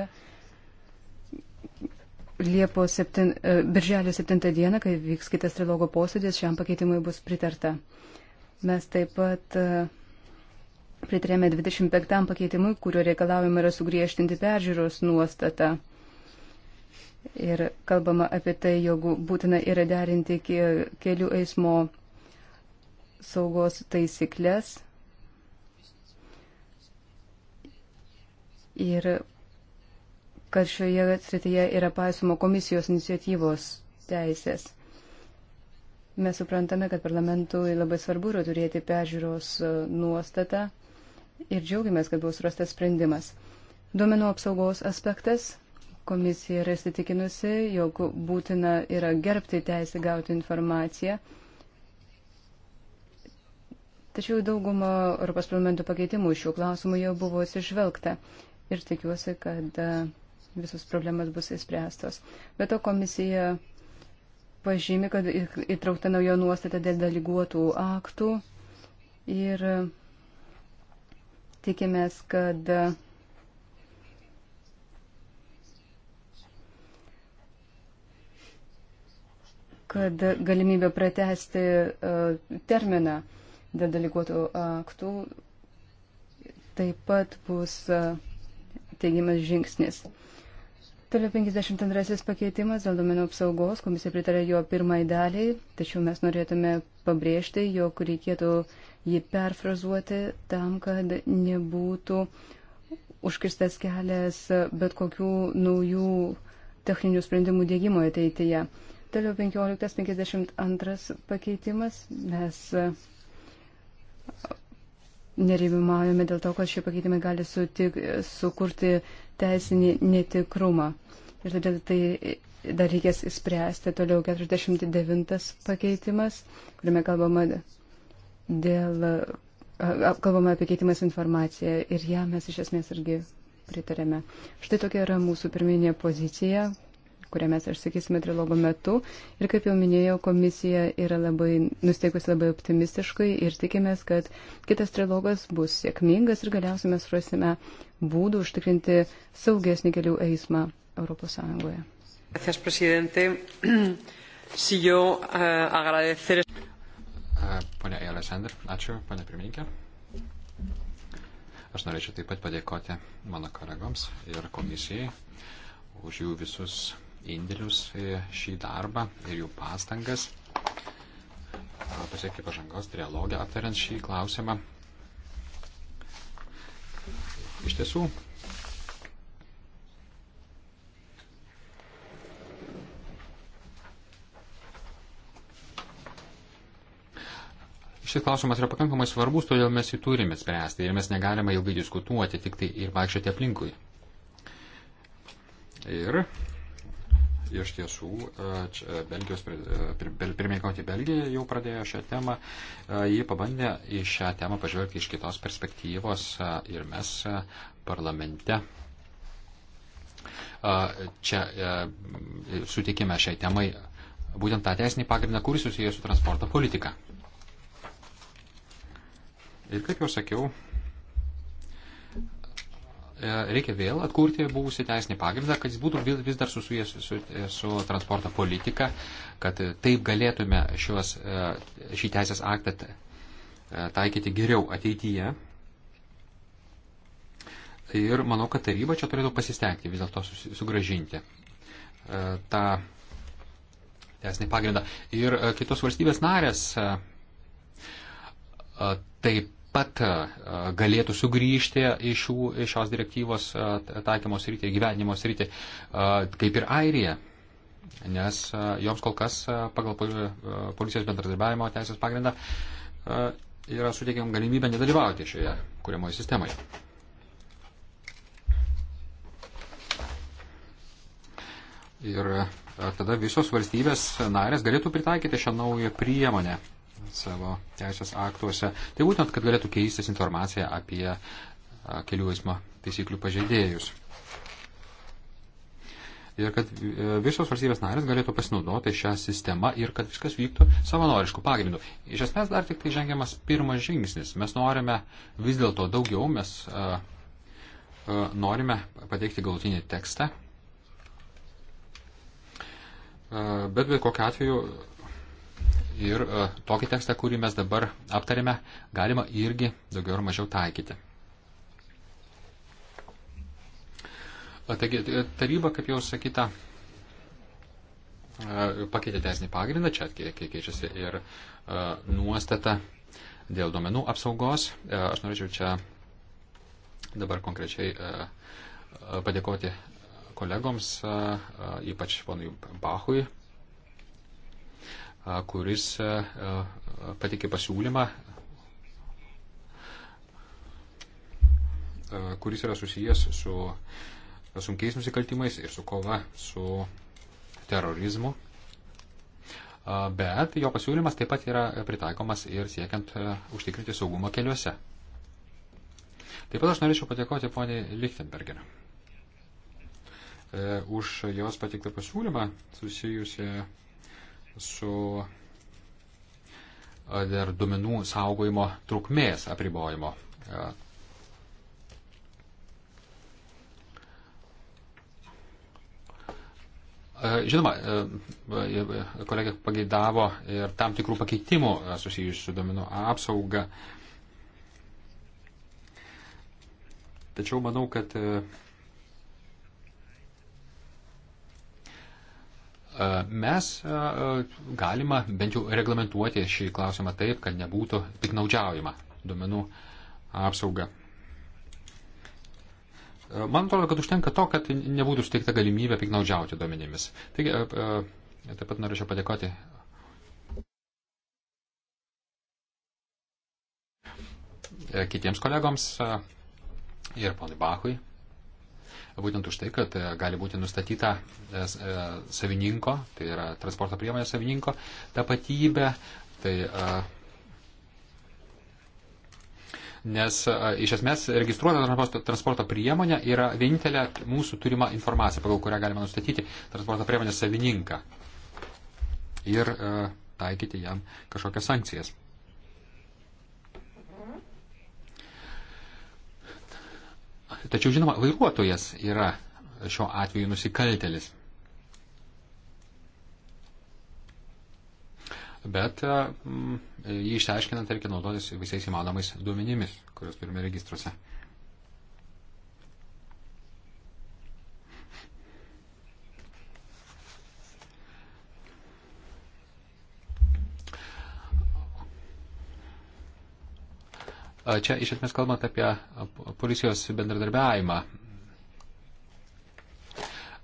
Liepos 7, e, birželio 7 dieną, kai vyks kitas trilogo posėdis, šiam pakeitimui bus pritarta. Mes taip pat pritarėme 25 pakeitimui, kurio reikalavimai yra sugriežtinti peržiūros nuostatą. Ir kalbama apie tai, jog būtina yra derinti kelių eismo saugos taisyklės. Ir kad šioje srityje yra paisoma komisijos iniciatyvos teisės. Mes suprantame, kad parlamentui labai svarbu yra turėti pežiūros e, nuostatą ir džiaugiamės, kad bus rastas sprendimas. Duomenų apsaugos aspektas Komisija yra įsitikinusi, jog būtina yra gerbti teisę gauti informaciją. Tačiau daugumą Europos parlamento pakeitimų šių klausimų jau buvo atsižvelgta ir tikiuosi, kad e, visos problemas bus įspręstos. Bet to komisija pažymi, kad įtraukta naujo nuostata dėl deleguotų aktų ir e, tikimės, kad e, kad galimybė pratesti e, terminą dėl deleguotų aktų taip pat bus e, teigiamas žingsnis. Toliau 52 pakeitimas dėl domenų apsaugos. Komisija pritarė jo pirmai daliai, tačiau mes norėtume pabrėžti, jog reikėtų jį perfrazuoti tam, kad nebūtų užkirstas kelias bet kokių naujų techninių sprendimų dėgymo ateityje. Tai Toliau 15.52 pakeitimas. Mes uh, nerimimaujame dėl to, kad šie pakeitimai gali sutik, sukurti teisinį netikrumą. Ir todėl tai dar reikės įspręsti. Toliau 49 pakeitimas, kuriame kalbama, dėl, uh, kalbama apie keitimas informaciją ir ją mes iš esmės irgi pritarėme. Štai tokia yra mūsų pirminė pozicija, kurią mes išsakysime trilogo metu. Ir kaip jau minėjau, komisija yra labai nusteikusi labai optimistiškai ir tikimės, kad kitas trilogas bus sėkmingas ir galiausiai mes surasime būdų užtikrinti saugesnį kelių eismą Europos Sąjungoje. Gracias, presidente. Si yo uh, agradecer. Uh, ponia Alexander, ačiū, ponia pirmininkė. Aš norėčiau taip pat padėkoti mano kolegoms ir komisijai už jų visus indėlius į šį darbą ir jų pastangas pasiekti pažangos trialogę aptariant šį klausimą. Iš tiesų, Šis klausimas yra pakankamai svarbus, todėl mes jį turime spręsti ir mes negalime ilgai diskutuoti, tik tai ir vaikščioti aplinkui. Ir iš tiesų e, e, Belgijos, e, pirmininkauti Belgija jau pradėjo šią temą, ji pabandė į šią temą pažvelgti iš kitos perspektyvos ir mes parlamente. Čia sutikime šiai temai būtent tą teisinį pagrindą, kuris susijęs su transporto politika. Ir kaip jau sakiau, E, reikia vėl atkurti buvusią teisinį pagrindą, kad jis būtų vis dar susijęs su, su, su transporto politika, kad taip galėtume šios, e, šį teisės aktą e, taikyti geriau ateityje. Ir manau, kad taryba čia turėtų pasistengti vis dėlto sugražinti tą teisinį pagrindą. Ir kitos valstybės narės taip pat e, galėtų sugrįžti iš šios direktyvos e, taikymos rytį, gyvenimos rytį, e, kaip ir Airija, nes joms kol kas pagal policijos bendradarbiavimo teisės pagrindą yra suteikiam galimybę nedalyvauti šioje kuriamoje sistemoje. Ir tada visos valstybės narės galėtų pritaikyti šią naują priemonę savo teisės aktuose. Tai būtent, kad galėtų keistis informacija apie kelių eismo taisyklių pažeidėjus. Ir kad e, visos valstybės narės galėtų pasinaudoti šią sistemą ir kad viskas vyktų savanoriškų pagrindų. Iš esmės dar tik tai žengiamas pirmas žingsnis. Mes norime vis dėlto daugiau, mes uh, uh, norime pateikti galutinį tekstą. Uh, bet bet kokiu atveju ir e, tokį tekstą, kurį mes dabar aptarėme, galima irgi daugiau ar mažiau taikyti. E, taigi, e, taryba, kaip jau sakyta, pakeitė teisinį pagrindą, čia keičiasi ir nuostata dėl duomenų apsaugos. Aš norėčiau čia dabar konkrečiai padėkoti kolegoms, ypač ponui Bachui, kuris patikė pasiūlymą, kuris yra susijęs su sunkiais nusikaltimais ir su kova su terorizmu. Bet jo pasiūlymas taip pat yra pritaikomas ir siekiant užtikrinti saugumą keliuose. Taip pat aš norėčiau padėkoti poniai Lichtenberger e, už jos patiktą pasiūlymą susijusią su dar duomenų saugojimo trukmės apribojimo. Žinoma, kolegė pageidavo ir tam tikrų pakeitimų susijusių su duomenų apsauga. Tačiau manau, kad mes galima bent jau reglamentuoti šį klausimą taip, kad nebūtų piknaudžiaujama duomenų apsauga. Man atrodo, kad užtenka to, kad nebūtų suteikta galimybė piknaudžiauti duomenimis. Taigi, taip pat norėčiau padėkoti. Kitiems kolegoms ir ponui Bachui būtent už tai, kad e, gali būti nustatyta e, e, savininko, tai yra transporto priemonės savininko tapatybė. Tai, Nes iš esmės registruota transporto priemonė yra vienintelė mūsų turima informacija, pagal kurią galima nustatyti transporto priemonės savininką ir taikyti jam kažkokias sankcijas. Tačiau, žinoma, vairuotojas yra šiuo atveju nusikaltelis. Bet e, jį išsiaiškinant reikia naudotis visais įmanomais duomenimis, kuriuos turime registruose. Čia iš esmės kalbant apie policijos bendradarbiavimą.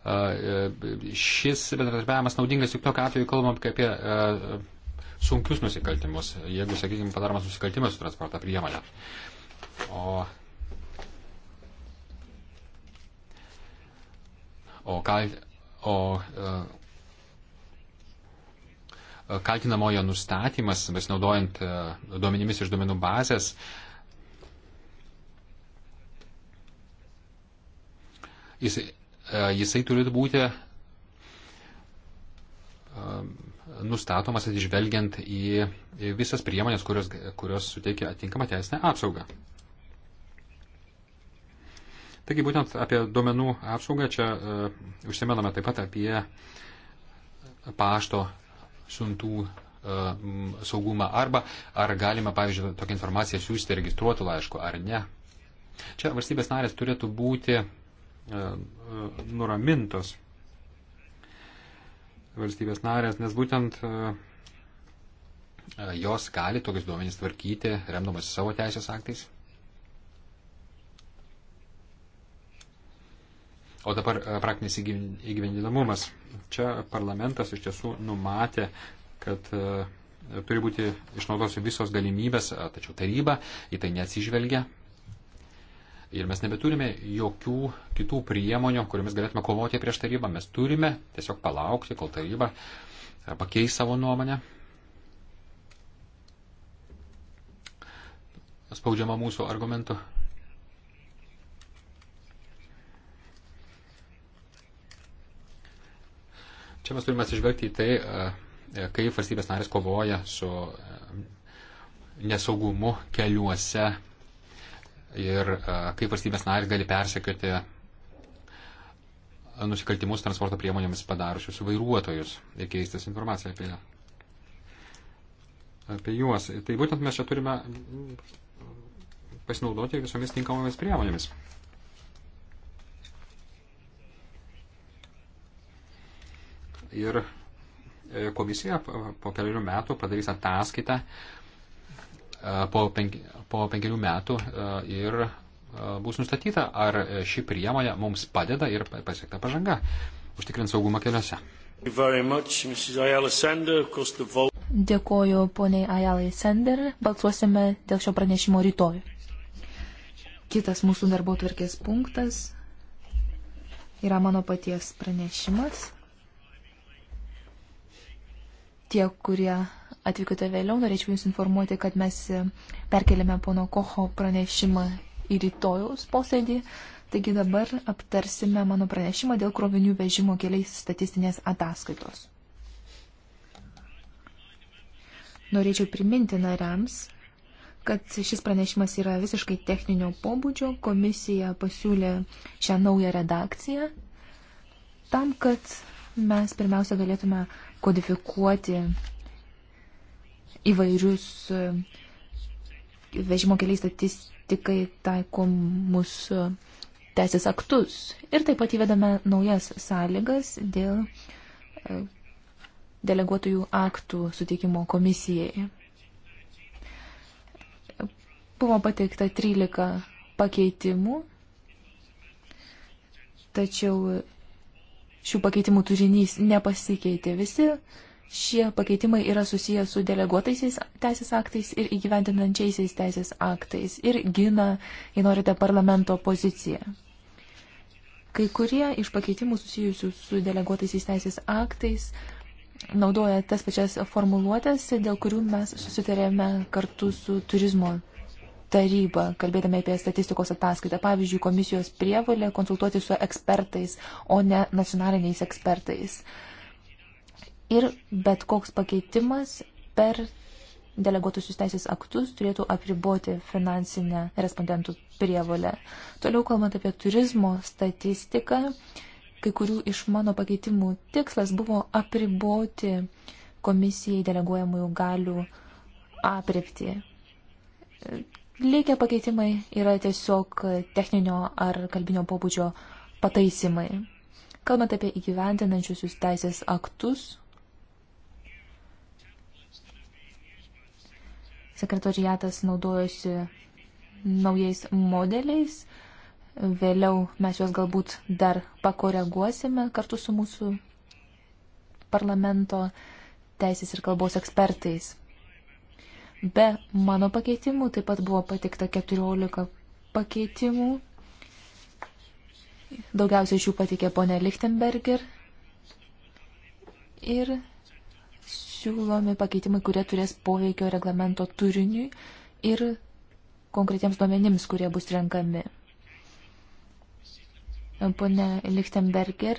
E, šis bendradarbiavimas naudingas tik tokia atveju kalbam apie e, sunkius nusikaltimus, jeigu, sakykime, padaromas nusikaltimas su transporto priemonė. O o, kal, o e, kaltinamojo nustatymas, pasinaudojant e, duomenimis iš duomenų bazės, jis, e, jisai turėtų būti e, nustatomas atsižvelgiant į, į visas priemonės, kurios, kurios suteikia atinkamą teisinę apsaugą. Taigi būtent apie duomenų apsaugą čia uh, užsimename taip pat apie pašto siuntų uh, saugumą arba ar galima, pavyzdžiui, tokią informaciją siūsti registruotų laišku ar ne. Čia valstybės narės turėtų būti E, e, nuramintos valstybės narės, nes būtent e, jos gali tokius duomenys tvarkyti, remdamas savo teisės aktais. O dabar praktinis įgyvendinamumas. Čia parlamentas iš tiesų numatė, kad turi būti išnaudosi visos galimybės, tačiau taryba į tai neatsižvelgia, Ir mes nebeturime jokių kitų priemonių, kuriomis galėtume kovoti prieš tarybą. Mes turime tiesiog palaukti, kol taryba pakeis savo nuomonę. Spaudžiama mūsų argumentų. Čia mes turime atsižvelgti į tai, kaip valstybės narės kovoja su nesaugumu keliuose ir e, kaip valstybės narės gali persekioti nusikaltimus transporto priemonėmis padarusius vairuotojus ir keistis informaciją apie, apie juos. Tai būtent mes čia turime pasinaudoti visomis tinkamomis priemonėmis. Ir e, komisija po kelių metų padarys ataskaitą, po, penki, po penkerių metų ir bus nustatyta, ar e, ši priemonė mums padeda ir pasiekta pažanga, užtikrint saugumą keliuose. Dėkoju poniai Ajalai Sender, balsuosime dėl šio pranešimo rytoj. Kitas mūsų darbo tvarkės punktas yra mano paties pranešimas. Tie, kurie atvykote vėliau, norėčiau Jūs informuoti, kad mes perkeliame pono Koho pranešimą į rytojus posėdį. Taigi dabar aptarsime mano pranešimą dėl krovinių vežimo keliais statistinės ataskaitos. Norėčiau priminti nariams, kad šis pranešimas yra visiškai techninio pobūdžio. Komisija pasiūlė šią naują redakciją tam, kad mes pirmiausia galėtume kodifikuoti įvairius e, vežimo keliai statistikai taikomus e, teisės aktus. Ir taip pat įvedame naujas sąlygas dėl e, deleguotojų aktų suteikimo komisijai. Buvo pateikta 13 pakeitimų, tačiau šių pakeitimų turinys nepasikeitė. Visi Šie pakeitimai yra susiję su deleguotaisiais teisės aktais ir įgyvendinančiaisiais teisės aktais ir gina, jei norite, parlamento poziciją. Kai kurie iš pakeitimų susijusių su deleguotaisiais teisės aktais naudoja tas pačias formuluotės, dėl kurių mes susitarėme kartu su turizmo taryba, kalbėdami apie statistikos ataskaitą. Pavyzdžiui, komisijos prievalė konsultuoti su ekspertais, o ne nacionaliniais ekspertais. Uh, ir bet koks pakeitimas per deleguotusius teisės aktus turėtų apriboti finansinę respondentų prievolę. Toliau kalbant apie turizmo statistiką, kai kurių iš mano pakeitimų tikslas buvo apriboti komisijai deleguojamųjų galių aprepti. Likę pakeitimai yra tiesiog techninio ar kalbinio pobūdžio pataisimai. Kalbant apie įgyvendinančiusius teisės aktus, sekretoriatas naudojosi naujais modeliais. Vėliau mes juos galbūt dar pakoreguosime kartu su mūsų parlamento teisės ir kalbos ekspertais. Be mano pakeitimų taip pat buvo patikta 14 pakeitimų. Daugiausiai iš jų patikė ponė Lichtenberger. Ir siūlomi pakeitimai, kurie turės poveikio reglamento turiniui ir konkretiems duomenims, kurie bus renkami. Pone Lichtenberger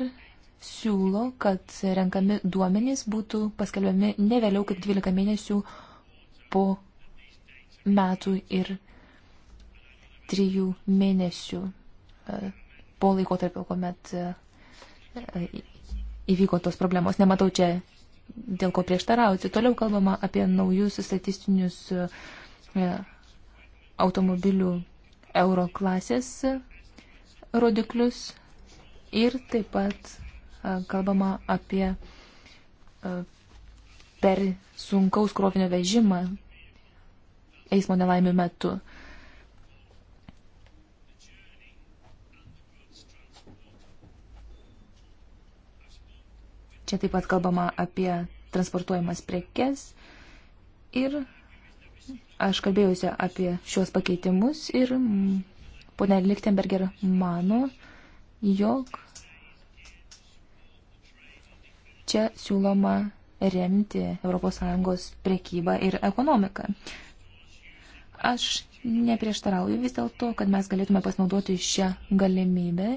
siūlo, kad renkami duomenys būtų paskelbiami ne vėliau kaip 12 mėnesių po metų ir 3 mėnesių e, po laikotarpio, kuomet e, įvyko tos problemos. Nematau čia dėl ko prieštarauti. Toliau kalbama apie naujus statistinius e, automobilių euro klasės rodiklius ir taip pat e, kalbama apie e, per sunkaus krovinio vežimą eismo nelaimių metu. Čia taip pat kalbama apie transportuojamas prekes ir aš kalbėjusi apie šios pakeitimus ir ponia Lichtenberger mano, jog čia siūloma remti ES prekybą ir ekonomiką. Aš neprieštarauju vis dėlto, kad mes galėtume pasinaudoti šią galimybę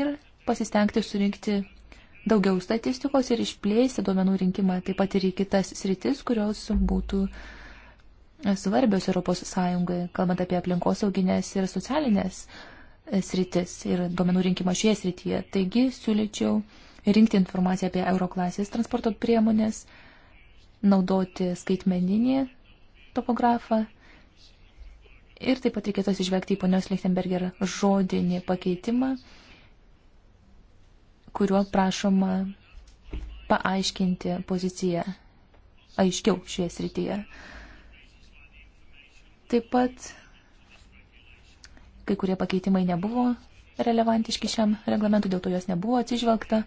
ir pasistengti surinkti daugiau statistikos ir išplėsti duomenų rinkimą taip pat ir į kitas sritis, kurios būtų svarbios ES, kalbant apie aplinkosauginės ir socialinės sritis ir duomenų rinkimą šioje srityje. Taigi siūlyčiau rinkti informaciją apie euroklasės transporto priemonės, naudoti skaitmeninį topografą ir taip pat reikėtų atsižvelgti į ponios Lichtenberger žodinį pakeitimą kuriuo prašoma paaiškinti poziciją aiškiau šioje srityje. Taip pat kai kurie pakeitimai nebuvo relevantiški šiam reglamentui, dėl to jos nebuvo atsižvelgta.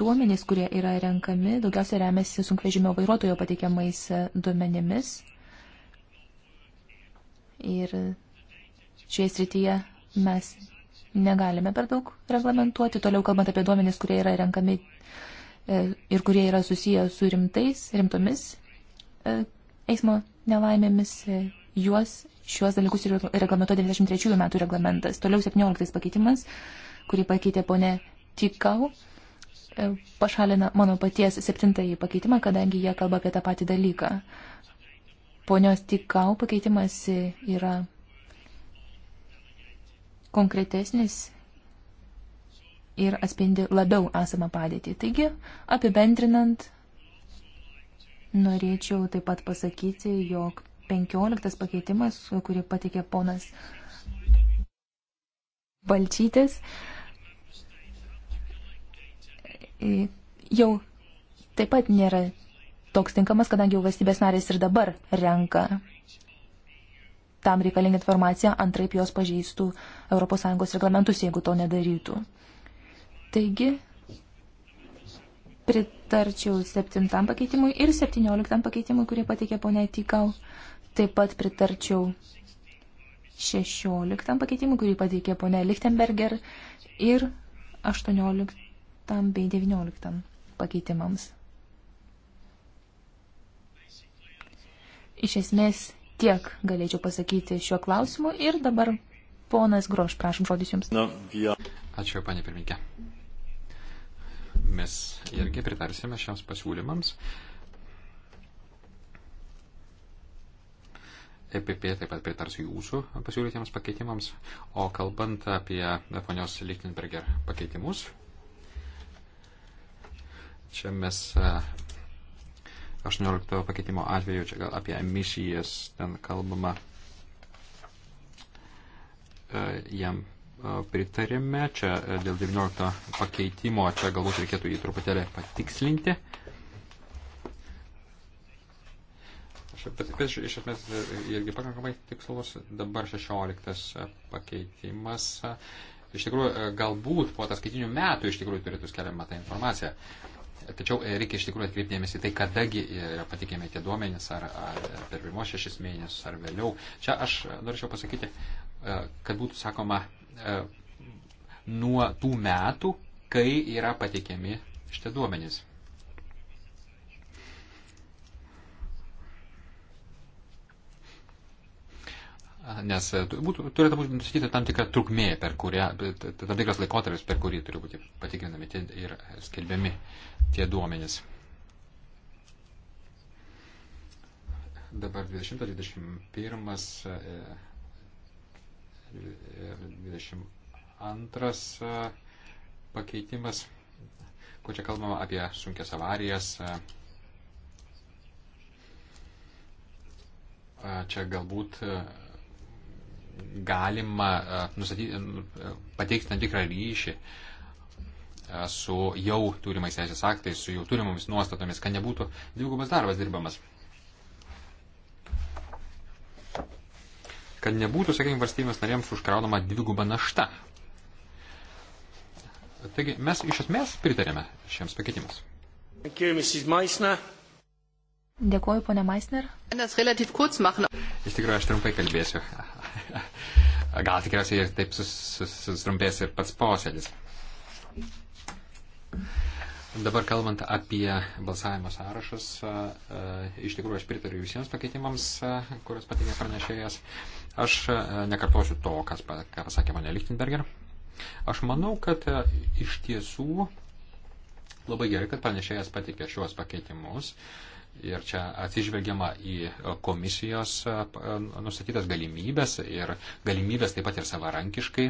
Duomenys, kurie yra renkami, daugiausia remiasi sunkvežimio vairuotojo pateikiamais duomenimis. Ir Šioje srityje mes negalime per daug reglamentuoti. Toliau kalbant apie duomenis, kurie yra renkami e, ir kurie yra susiję su rimtais, rimtomis e, eismo nelaimėmis, e, juos, šiuos dalykus reglamentuoja 93 metų reglamentas. Toliau 17 pakeitimas, kurį pakeitė ponė Tikau, pašalina mano paties septintąjį pakeitimą, kadangi jie kalba apie tą patį dalyką. Ponios Tikau pakeitimas yra konkretesnis ir atspindi labiau esamą padėtį. Taigi, apibendrinant, norėčiau taip pat pasakyti, jog 15 pakeitimas, kurį patikė ponas Balčytis, jau taip pat nėra toks tinkamas, kadangi jau valstybės narės ir dabar renka tam reikalinga informacija, antraip jos pažeistų ES reglamentus, jeigu to nedarytų. Taigi, pritarčiau septintam pakeitimui ir septynioliktam pakeitimui, kurie pateikė ponia Tikau. Taip pat pritarčiau šešioliktam pakeitimui, kurį pateikė ponia Lichtenberger ir aštuonioliktam bei devynioliktam pakeitimams. Iš esmės Tiek galėčiau pasakyti šiuo klausimu ir dabar ponas Groš, prašom žodis jums. Na, ja. Ačiū, panė pirmininkė. Mes irgi pritarsime šiams pasiūlymams. EPP taip pat pritars jūsų pasiūlytiems pakeitimams. O kalbant apie ponios Lichtenberger pakeitimus, čia mes 18 pakeitimo atveju, čia gal apie emisijas ten kalbama, e, jam e, pritarėme, čia e, dėl 19 pakeitimo, čia galbūt reikėtų jį truputėlį patikslinti. Aš tai, iš esmės irgi pakankamai tikslus, dabar 16 pakeitimas. Iš tikrųjų, galbūt po ataskaitinių metų iš tikrųjų turėtų skeliama ta informacija. Tačiau e, reikia iš tikrųjų atkreipdėmėsi tai, kadagi yra patikėmi tie duomenys, ar, ar per pirmos šešis mėnesius, ar vėliau. Čia aš norėčiau pasakyti, e, kad būtų sakoma e, nuo tų metų, kai yra patikėmi šitie duomenys. Nes e, būtų, turėtų būti nustatyti tam tikra trukmė, per kurią, tam tikras laikotarpis, per kurį turi būti patikrinami ir skelbiami tie duomenys. Dabar 20, 21, 22 pakeitimas, kur čia kalbama apie sunkias avarijas, e. čia galbūt e, galima e, nustatyti, e, pateikti tam tikrą ryšį e, su jau turimais teisės aktais, su jau turimomis nuostatomis, kad nebūtų dvigubas darbas dirbamas. Kad nebūtų, sakykime, valstybės narėms užkraunama dviguba našta. Taigi mes iš esmės pritarėme šiems pakeitimams. Thank you, Mrs. Meissner. Dėkuoju, ponė Meisner. Iš tikrųjų, aš trumpai kalbėsiu. Gal tikriausiai ir taip sus, sus, sutrumpės ir pats posėdis. Dabar kalbant apie balsavimo sąrašus, e, iš tikrųjų aš pritariu visiems pakeitimams, e, kuriuos pateikė pranešėjas. Aš e, nekartosiu to, kas, ką pasakė mane Lichtenberger. Aš manau, kad iš tiesų labai gerai, kad pranešėjas pateikė šiuos pakeitimus. Uh, Ir čia atsižvelgiama į komisijos nustatytas galimybės ir galimybės taip pat ir savarankiškai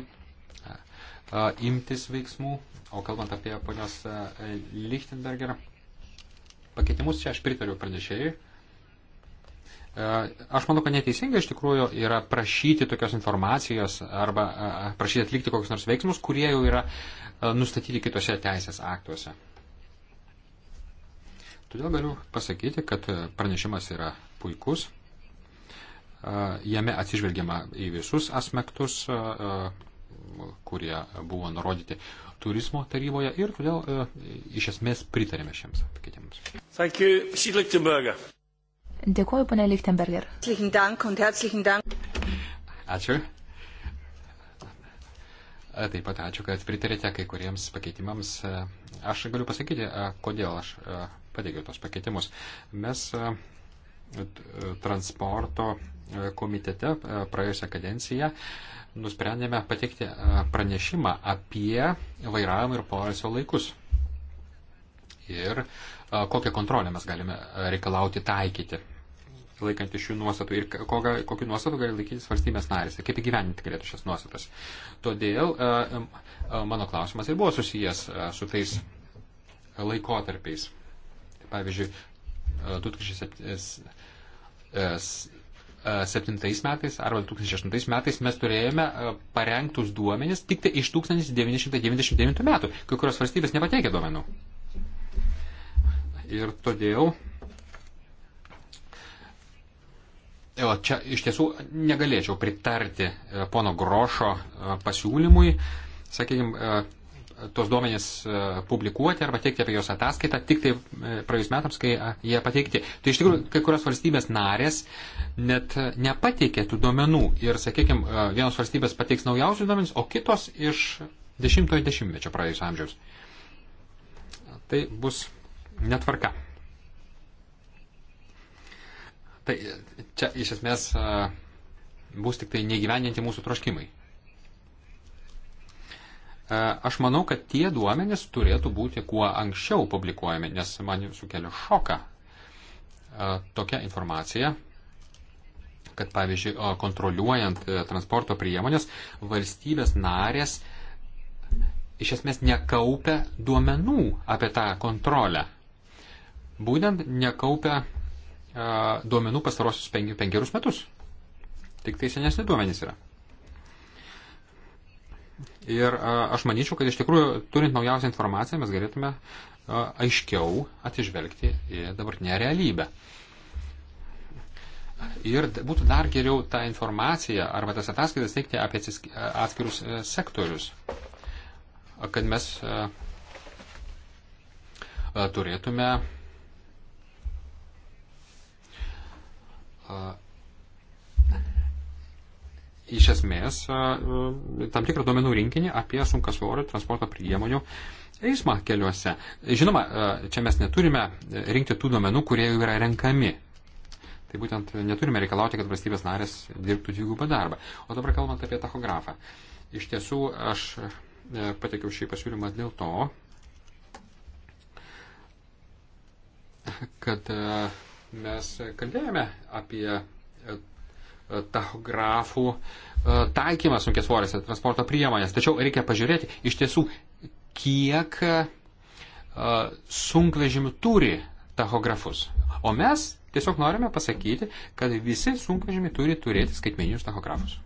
imtis veiksmų. O kalbant apie ponios Lichtenberger pakeitimus, čia aš pritariu pranešėjui. Aš manau, kad neteisinga iš tikrųjų yra prašyti tokios informacijos arba prašyti atlikti kokius nors veiksmus, kurie jau yra nustatyti kitose teisės aktuose. Todėl galiu pasakyti, kad pranešimas yra puikus. Jame atsižvelgiama į visus aspektus, kurie buvo nurodyti turizmo taryboje ir todėl iš esmės pritarėme šiems pakeitimams. Dėkuoju, pane Lichtenberger. Ačiū. Taip pat ačiū, kad pritarėte kai kuriems pakeitimams. Aš galiu pasakyti, kodėl aš pateikiau tos pakeitimus. Mes e, e, transporto e, komitete praėjusią kadenciją nusprendėme pateikti pranešimą apie vairavimo ir poilsio laikus. Ir kokią kontrolę mes galime reikalauti taikyti laikant iš šių nuostatų ir kokią, kokių nuostatų gali laikytis valstybės narės ir kaip įgyveninti galėtų šias nuostatas. Todėl mano klausimas ir buvo susijęs su tais laikotarpiais pavyzdžiui, 2007 e, e, e, metais arba 2008 metais mes turėjome parengtus duomenis tik tai iš 1999 metų, kai kurios valstybės nepateikė duomenų. Ir todėl O čia iš tiesų negalėčiau pritarti pono Grošo pasiūlymui, sakykime, tos duomenys e, publikuoti arba teikti apie juos ataskaitą tik tai e, praėjus metams, kai jie pateikti. Tai iš tikrųjų, kai kurios valstybės narės net e, nepateikė tų duomenų ir, sakykime, vienos valstybės pateiks naujausius duomenys, o kitos iš dešimtojo dešimtmečio praėjus amžiaus. Tai bus netvarka. Tai čia iš esmės bus tik tai negyveninti mūsų troškimai. E, aš manau, kad tie duomenys turėtų būti kuo anksčiau publikuojami, nes man sukelia šoką e, tokia informacija, kad pavyzdžiui, kontroliuojant e, transporto priemonės, valstybės narės iš esmės nekaupia duomenų apie tą kontrolę. Būtent nekaupia duomenų pastarosius penkerius metus. Tik tai senesni duomenys yra. Ir aš manyčiau, kad iš tikrųjų, turint naujausią informaciją, mes galėtume aiškiau atižvelgti į dabartinę realybę. Ir būtų dar geriau tą informaciją arba tas ataskaitas teikti apie atskirus e, sektorius, kad mes turėtume iš esmės tam tikrą duomenų rinkinį apie sunkasvorio transporto priemonių eismą keliuose. Žinoma, čia mes neturime rinkti tų duomenų, kurie jau yra renkami. Tai būtent neturime reikalauti, kad valstybės narės dirbtų dvigubą darbą. O dabar kalbant apie tachografą. Iš tiesų, aš e, patekiau šį pasiūlymą dėl to, kad e, mes kalbėjome apie tachografų e, taikymas sunkiasvorėse transporto priemonės. Tačiau reikia pažiūrėti iš tiesų, kiek e, sunkvežimių turi tachografus. O mes tiesiog norime pasakyti, kad visi sunkvežimiai turi turėti skaitmeninius tachografus.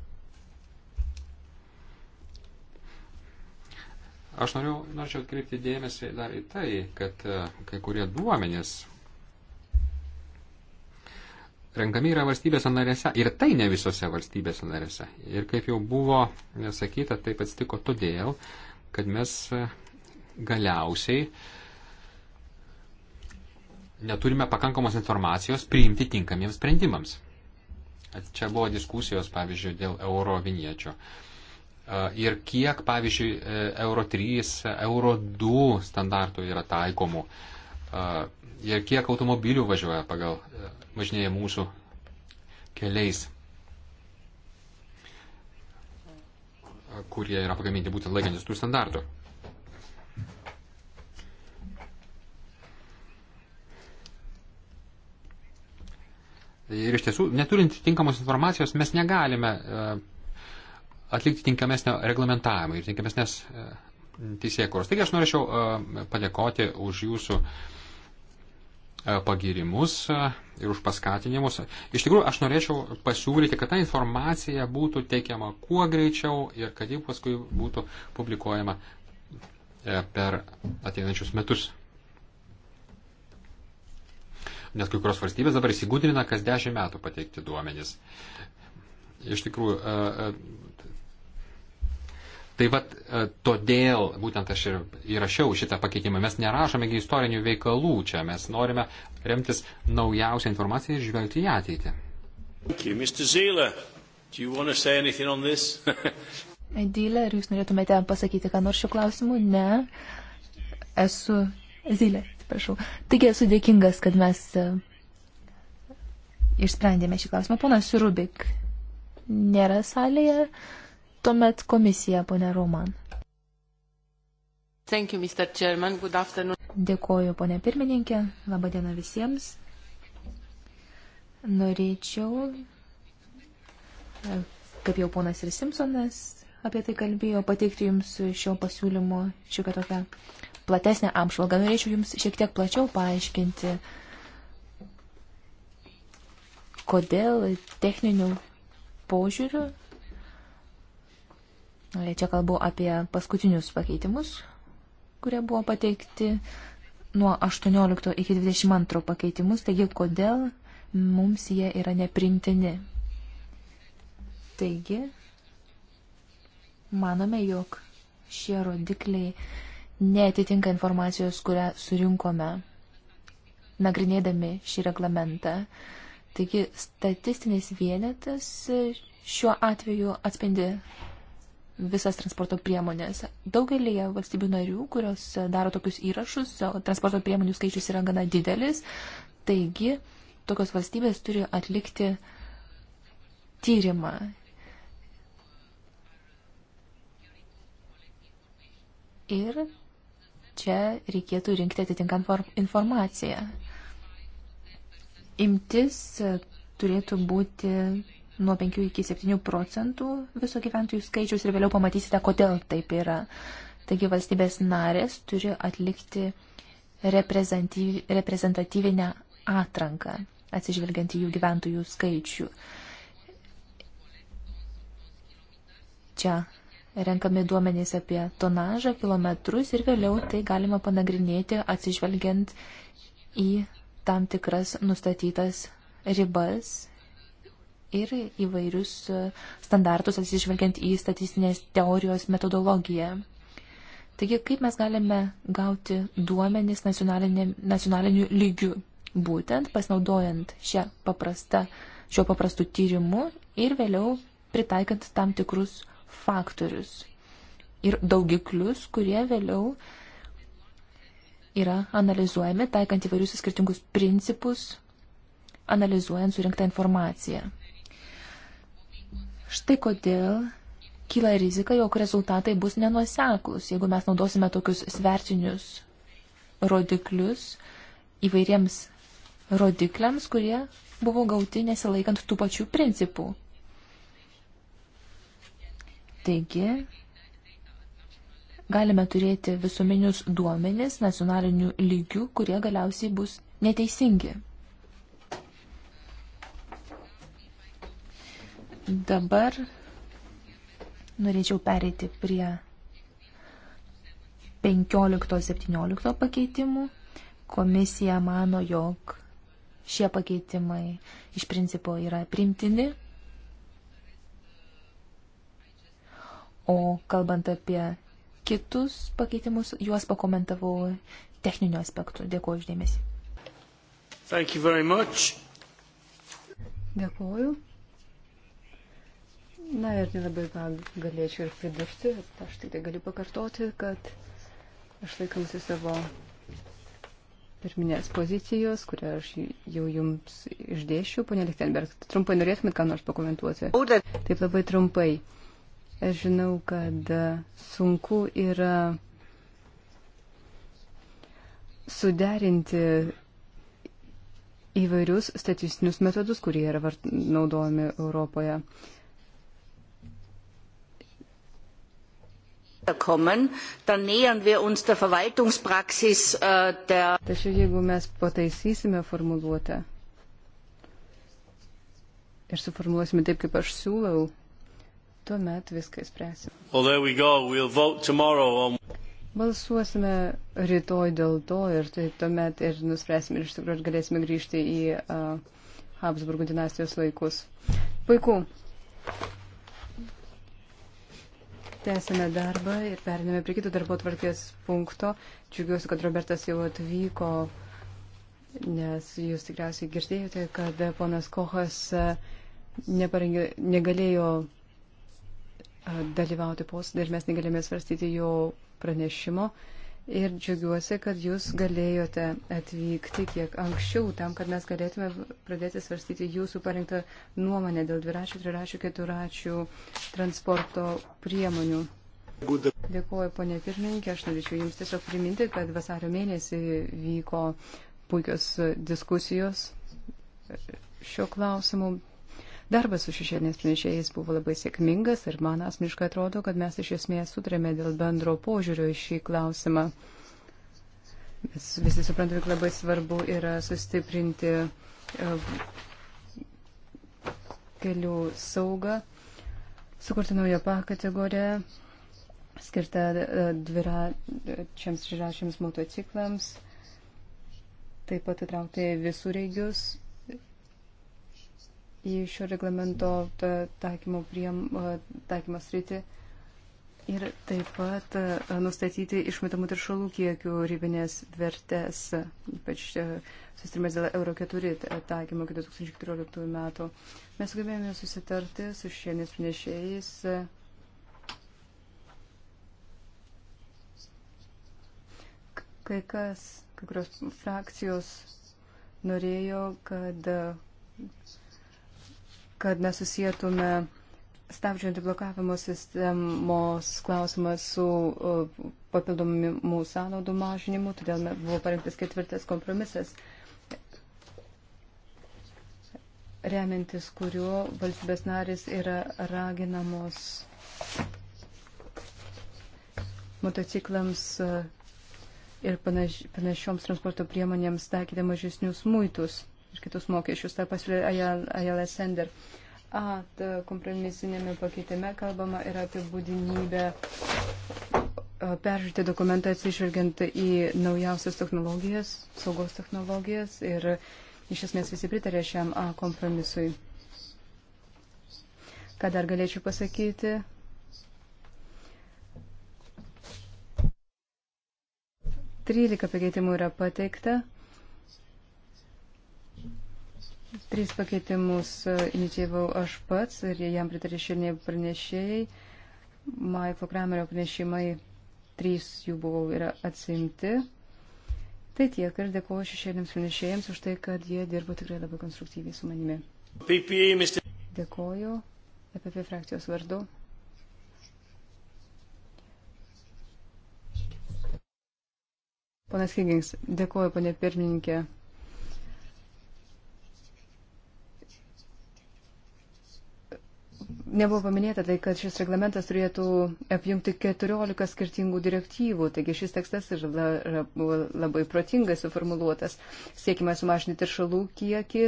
Aš noriu, norėčiau atkreipti dėmesį dar į tai, kad e, kai kurie duomenys renkami yra valstybėse narėse ir tai ne visose valstybėse narėse. Ir kaip jau buvo sakyta, taip atsitiko todėl, kad mes e, galiausiai neturime pakankamos informacijos priimti tinkamiems sprendimams. Čia buvo diskusijos, pavyzdžiui, dėl euro viniečio. E, ir kiek, pavyzdžiui, e, euro 3, euro 2 standartų yra taikomų. Uh, ir kiek automobilių važiuoja pagal e, važinėję mūsų keliais, kurie yra pagaminti būtent laikantis tų standartų. Ir iš tiesų, neturint tinkamos informacijos, mes negalime e, atlikti tinkamesnio reglamentavimo ir tinkamesnės e, teisėkuros. Taigi aš norėčiau padėkoti už jūsų uh, E, pagirimus e, ir už paskatinimus. Iš tikrųjų, aš norėčiau pasiūlyti, kad ta informacija būtų teikiama kuo greičiau ir kad ji paskui būtų publikuojama e, per ateinančius metus. Nes kai kurios valstybės dabar įsigudrina kas dešimt metų pateikti duomenys. Iš tikrųjų, Tai vad e, todėl būtent aš ir įrašiau šitą pakeitimą. Mes nerašomegi istorinių veikalų čia, mes norime remtis naujausią informaciją ir žvelgti į ateitį. Dylė, ar jūs norėtumėte pasakyti, ką nors šiuo klausimu? Ne. Esu Zylė, atsiprašau. Taigi esu dėkingas, kad mes e, išsprendėme šį klausimą. Ponas Rubik nėra salėje. Uh, Tuomet komisija, ponė Roman. Thank you, Mr. Chairman. Good afternoon. Dėkoju, ponė pirmininkė. Labadiena visiems. Norėčiau, kaip jau ponas ir Simpsonas apie tai kalbėjo, pateikti jums šio pasiūlymo šiokią tokią platesnę apžvalgą. Norėčiau jums šiek tiek plačiau paaiškinti, kodėl techninių požiūrių Čia kalbu apie paskutinius pakeitimus, kurie buvo pateikti nuo 18 iki 22 pakeitimus, taigi kodėl mums jie yra neprimtini. Taigi, manome, jog šie rodikliai netitinka informacijos, kurią surinkome nagrinėdami šį reglamentą. Taigi statistinis vienetas šiuo atveju atspindi visas transporto priemonės. Daugelėje valstybių narių, kurios daro tokius įrašus, transporto priemonių skaičius yra gana didelis, taigi tokios valstybės turi atlikti tyrimą. Ir čia reikėtų rinkti atitinkamą informaciją. Imtis turėtų būti nuo 5 iki 7 procentų viso gyventojų skaičiaus ir vėliau pamatysite, kodėl taip yra. Taigi valstybės narės turi atlikti reprezentatyvinę atranką, atsižvelgiant į jų gyventojų skaičių. Čia renkami duomenys apie tonažą, kilometrus ir vėliau tai galima panagrinėti atsižvelgiant į tam tikras nustatytas ribas ir įvairius e, standartus atsižvelgiant į statistinės teorijos metodologiją. Taigi, kaip mes galime gauti duomenys nacionaliniu lygiu, būtent pasinaudojant šią paprastą, šio paprastu tyrimu ir vėliau pritaikant tam tikrus faktorius ir daugiklius, kurie vėliau yra analizuojami, taikant įvairius skirtingus principus, analizuojant surinktą informaciją. Štai kodėl kyla rizika, jog rezultatai bus nenuoseklus, jeigu mes naudosime tokius svertinius rodiklius įvairiems rodikliams, kurie buvo gauti nesilaikant tų pačių principų. Taigi, galime turėti visuminius duomenis nacionalinių lygių, kurie galiausiai bus neteisingi. Dabar norėčiau pereiti prie 15-17 pakeitimų. Komisija mano, jog šie pakeitimai iš principo yra primtini. O kalbant apie kitus pakeitimus, juos pakomentavau techniniu aspektu. Dėkuoju uždėmesi. Dėkuoju. Na ir nelabai ką galėčiau ir pridurti, aš tik tai galiu pakartoti, kad aš laikausi savo pirminės pozicijos, kurią aš jau jums išdėšiu. Pone Lichtenberg, trumpai norėtumėt ką nors pakomentuoti? Taip labai trumpai. Aš žinau, kad sunku yra suderinti įvairius statistinius metodus, kurie yra naudojami Europoje. Uh, kommen, dann nähern wir uns der Verwaltungspraxis äh, der. Tačiau jeigu mes pataisysime formuluotę ir suformuluosime taip, kaip aš siūlau, tuomet viską spręsime. Well, we'll on... Balsuosime rytoj dėl to ir tai tuomet ir nuspręsime ir iš tikrųjų galėsime grįžti į uh, Habsburgų dinastijos laikus. Puiku. Tęsime darbą ir perinėme prie kito darbo tvarkės punkto. Džiugiuosi, kad Robertas jau atvyko, nes jūs tikriausiai girdėjote, kad ponas Kochas e, neparengė, negalėjo e, dalyvauti posėdį ir mes negalėjome svarstyti jo pranešimo ir džiugiuosi, kad jūs galėjote atvykti kiek anksčiau tam, kad mes galėtume pradėti svarstyti jūsų parinktą nuomonę dėl dviračių, triračių, keturačių transporto priemonių. Dėkuoju, ponė pirmininkė, aš norėčiau jums tiesiog priminti, kad vasario mėnesį vyko puikios diskusijos šio klausimu. Darbas su šešėlinės pranešėjais buvo labai sėkmingas ir man asmeniškai atrodo, kad mes iš esmės sutrėme dėl bendro požiūrio į šį klausimą. Mes visi suprantame, kad labai svarbu yra sustiprinti e, kelių saugą, sukurti naują P kategoriją, skirtą e, dviračiams žirašiams motociklams, taip pat įtraukti visureigius į šio reglamento taikymo priem, taikymas rytį. Ir taip pat nustatyti išmetamų teršalų kiekių ribinės vertės, ypač sustrimės dėl Euro 4 taikymo 2014 metų. Mes sugebėjome susitarti su šiandienis pranešėjais kai kas, kai kurios frakcijos norėjo, kad kad nesusijėtume stabdžių antiblokavimo sistemos klausimas su uh, papildomų sąnaudų mažinimu, todėl buvo parengtas ketvirtas kompromisas, remiantis kuriuo valstybės narės yra raginamos motociklams uh, ir panašioms transporto priemonėms taikyti mažesnius muitus ir kitus mokesčius, tą pasiūlė Ajala Sender. A, kompromisinėme pakeitime kalbama ir apie būdinybę peržiūrėti dokumentą atsižvelgiant į naujausias technologijas, saugos technologijas ir iš esmės visi pritarė šiam A kompromisui. Ką dar galėčiau pasakyti? Trylika pakeitimų yra pateikta. Tris pakeitimus e, inicijavau aš pats ir jam pritarė šiandien pranešėjai. Maiklo Kramerio pranešimai, trys jų buvo yra atsimti. Tai tiek ir dėkuoju šešėlėms pranešėjams už tai, kad jie dirbo tikrai labai konstruktyviai su manimi. Dėkuoju EPP frakcijos vardu. Ponas Higgins, dėkuoju, ponė pirmininkė. Nebuvo paminėta tai, kad šis reglamentas turėtų apjungti 14 skirtingų direktyvų, taigi šis tekstas yra labai protingai suformuluotas. Siekime sumažinti teršalų kiekį,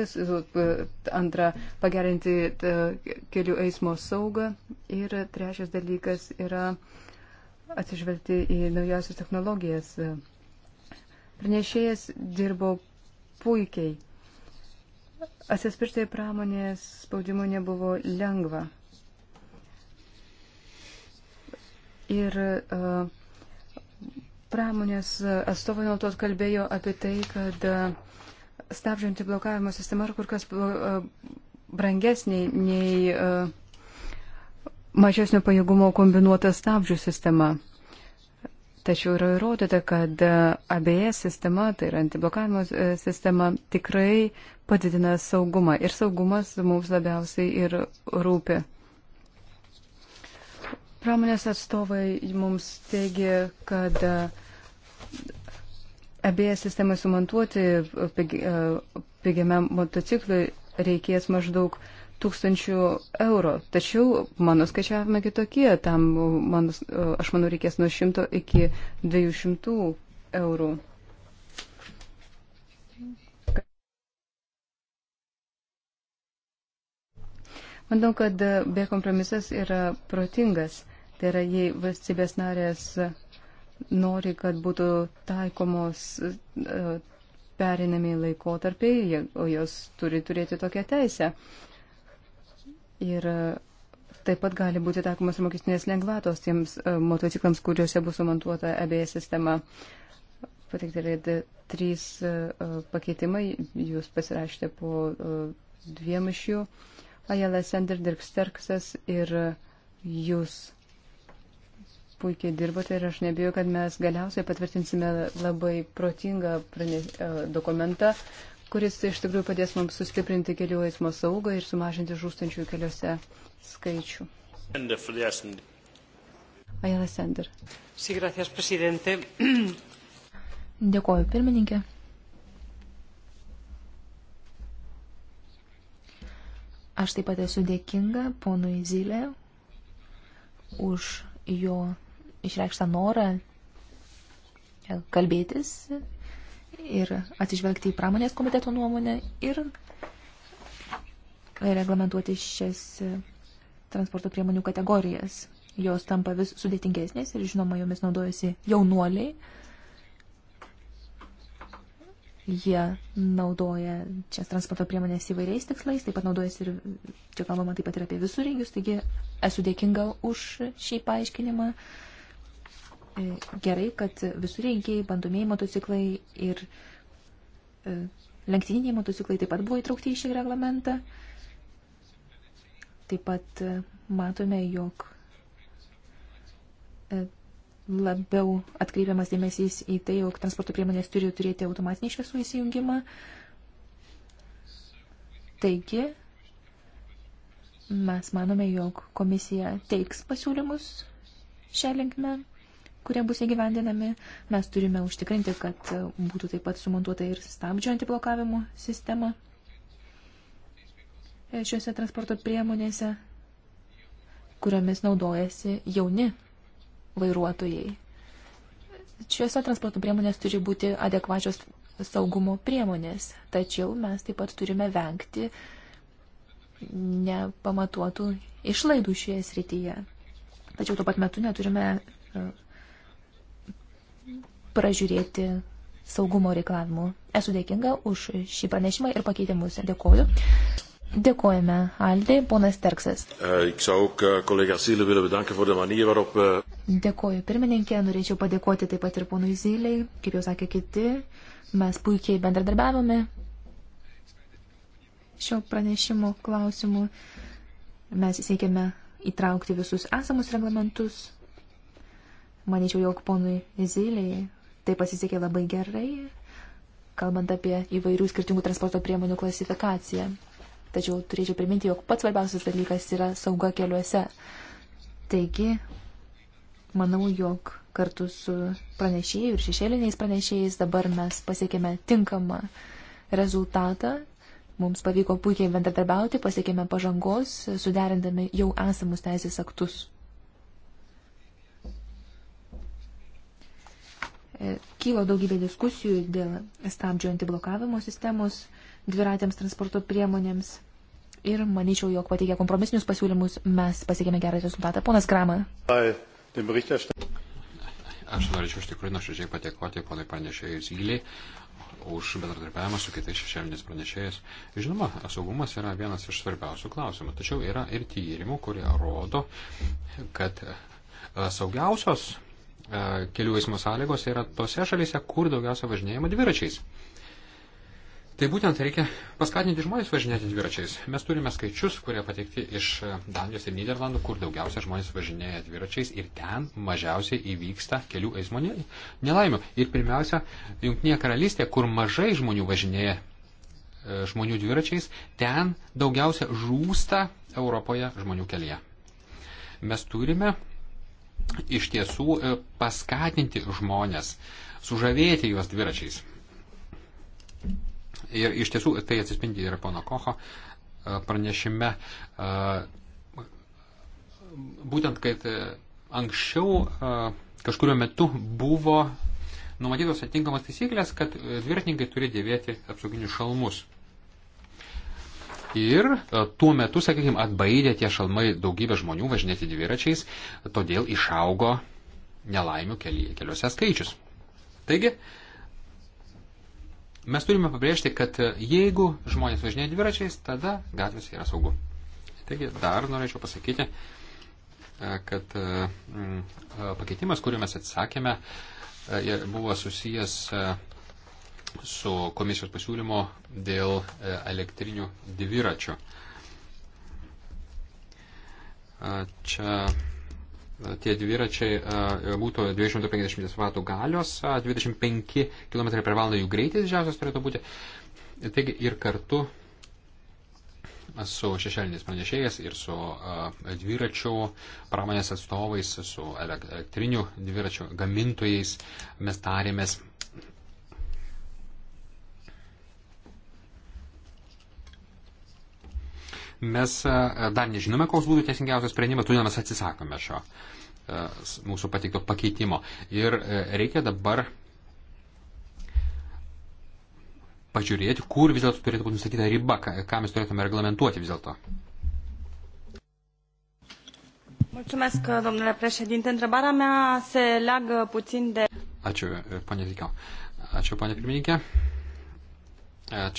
antra, pagerinti kelių eismo saugą ir trečias dalykas yra atsižvelgti į naujausias technologijas. Pranešėjas dirbo puikiai. Atsispirti pramonės spaudimu nebuvo lengva. Ir e, pramonės atstovai nuolatos kalbėjo apie tai, kad e, stabdžianti blokavimo sistema yra kur kas e, brangesnė nei mažesnio pajėgumo kombinuota stabdžių sistema. Tačiau yra įrodyta, kad ABS sistema, tai yra antiblokavimo sistema, tikrai padidina saugumą. Ir saugumas mums labiausiai ir rūpi. Pramonės atstovai mums teigia, kad e, abieją sistemą sumontuoti e, e, pigiame motociklui reikės maždaug tūkstančių eurų. Tačiau mano skaičiavimai kitokie, tam man, aš manau reikės nuo 100 iki 200 eurų. Manau, kad B kompromisas yra protingas. Tai yra, jei valstybės narės nori, kad būtų taikomos e, perinami laikotarpiai, o jos turi turėti tokią teisę. Ir e, taip pat gali būti taikomas mokestinės lengvatos tiems e, motociklams, kuriuose bus sumontuota ABS sistema. Pateikti yra trys pakeitimai, jūs pasirašėte po dviem iš jų. Ajala Sender, Dirk Sterksas ir jūs puikiai dirbote ir aš nebijau, kad mes galiausiai patvirtinsime labai protingą e, dokumentą, kuris iš tikrųjų padės mums sustiprinti kelių eismo saugą ir sumažinti žūstančių keliuose skaičių. Ajala Sender. Sí, gracias, presidente. Dėkoju, pirmininkė. Aš taip pat esu dėkinga ponui Zilė už jo išreikštą norą e, kalbėtis ir atsižvelgti į pramonės komiteto nuomonę ir e, reglamentuoti šias e, transporto priemonių kategorijas. Jos tampa vis sudėtingesnės ir žinoma, jomis naudojasi jaunuoliai. Jie naudoja šias transporto priemonės įvairiais tikslais, taip pat naudojasi ir, čia kalbama taip pat ir apie visureigius, taigi esu dėkinga už šį paaiškinimą. Uh, gerai, kad visureigiai, bandomieji motociklai ir e, lenktyniniai motociklai taip pat buvo įtraukti į šį reglamentą. Taip pat e, matome, jog e, labiau atkreipiamas dėmesys į tai, jog transporto priemonės turi turėti automatinį šviesų įsijungimą. Taigi, mes manome, jog komisija teiks pasiūlymus šią linkmę kurie bus įgyvendinami. Mes turime užtikrinti, kad būtų taip pat sumontuota ir stabdžio antiblokavimo sistema šiuose transporto priemonėse, kuriomis naudojasi jauni vairuotojai. Šiuose transporto priemonės turi būti adekvačios saugumo priemonės, tačiau mes taip pat turime vengti nepamatuotų išlaidų šioje srityje. Tačiau tuo pat metu neturime pražiūrėti saugumo reikalavimų. Esu dėkinga už šį pranešimą ir pakeitimus. Dėkoju. Dėkojame Aldai, ponas Terksas. Eh, eh, eh, Dėkoju pirmininkė, norėčiau padėkoti taip pat ir ponui Zyliai, kaip jau sakė kiti, mes puikiai bendradarbiavome šio pranešimo klausimu. Mes siekiame įtraukti visus esamus reglamentus. Manyčiau, jog ponui Zyliai Tai pasisekė labai gerai, kalbant apie įvairių skirtingų transporto priemonių klasifikaciją. Tačiau turėčiau priminti, jog pats svarbiausias dalykas yra sauga keliuose. Taigi, manau, jog kartu su pranešėjai ir šešėliniais pranešėjais dabar mes pasiekėme tinkamą rezultatą. Mums pavyko puikiai bendradarbiauti, pasiekėme pažangos, suderindami jau esamus teisės aktus. E, kylo daugybė diskusijų dėl stabdžio antiblokavimo sistemos dviratėms transporto priemonėms. Ir manyčiau, jog pateikę kompromisinius pasiūlymus mes pasiekėme gerą rezultatą. Ponas Krama. Aš norėčiau iš tikrųjų nuoširdžiai padėkoti ponai pranešėjus Gyliai už bendradarbiavimą su kitais šešėlinės pranešėjais. Žinoma, saugumas yra vienas iš svarbiausių klausimų, tačiau yra ir tyrimų, kurie rodo, kad saugiausios E, kelių eismo sąlygos yra tose šalyse, kur daugiausia važinėjama dviračiais. Tai būtent reikia paskatinti žmonės važinėti dviračiais. Mes turime skaičius, kurie pateikti iš e, Danijos ir Niderlandų, kur daugiausia žmonės važinėja dviračiais ir ten mažiausiai įvyksta kelių eismo nelaimių. Ir pirmiausia, Junktinėje karalystėje, kur mažai žmonių važinėja e, žmonių dviračiais, ten daugiausia žūsta Europoje žmonių kelyje. Mes turime iš tiesų e, paskatinti žmonės, sužavėti juos dviračiais. Ir iš tiesų tai atsispindi ir pono Kocho e, pranešime. E, būtent, kad anksčiau kažkurio metu buvo numatytos atitinkamos taisyklės, kad dviratininkai turi dėvėti apsauginius šalmus. Ir e, tuo metu, sakykime, atbaidė tie šalmai daugybę žmonių važinėti dviračiais, todėl išaugo nelaimių keli, keliuose skaičius. Taigi, mes turime pabrėžti, kad e, jeigu žmonės važinėja dviračiais, tada gatvės yra saugu. Taigi, dar norėčiau pasakyti, e, kad pakeitimas, kuriuo mes atsakėme, buvo susijęs su komisijos pasiūlymo dėl e, elektrinių dviračių. Čia tie dviračiai būtų 250 vatų galios, 25 km per valandą jų greitis didžiausias turėtų būti. Taigi ir kartu su šešėliniais pranešėjais ir su dviračių pramonės atstovais, su elektrinių dviračių gamintojais mes tarėmės Mes e, dar nežinome, koks būtų teisingiausias sprendimas, todėl mes atsisakome šio e, mūsų pateikto pakeitimo. Ir e, reikia dabar pažiūrėti, kur vis dėlto turėtų būti nustatyta riba, ką mes turėtume reglamentuoti vis dėlto. Mulțumesc, domnule președinte. Întrebarea mea se leagă puțin de... Ačiū, ponė Zikau. Ačiū, ponė pirmininkė.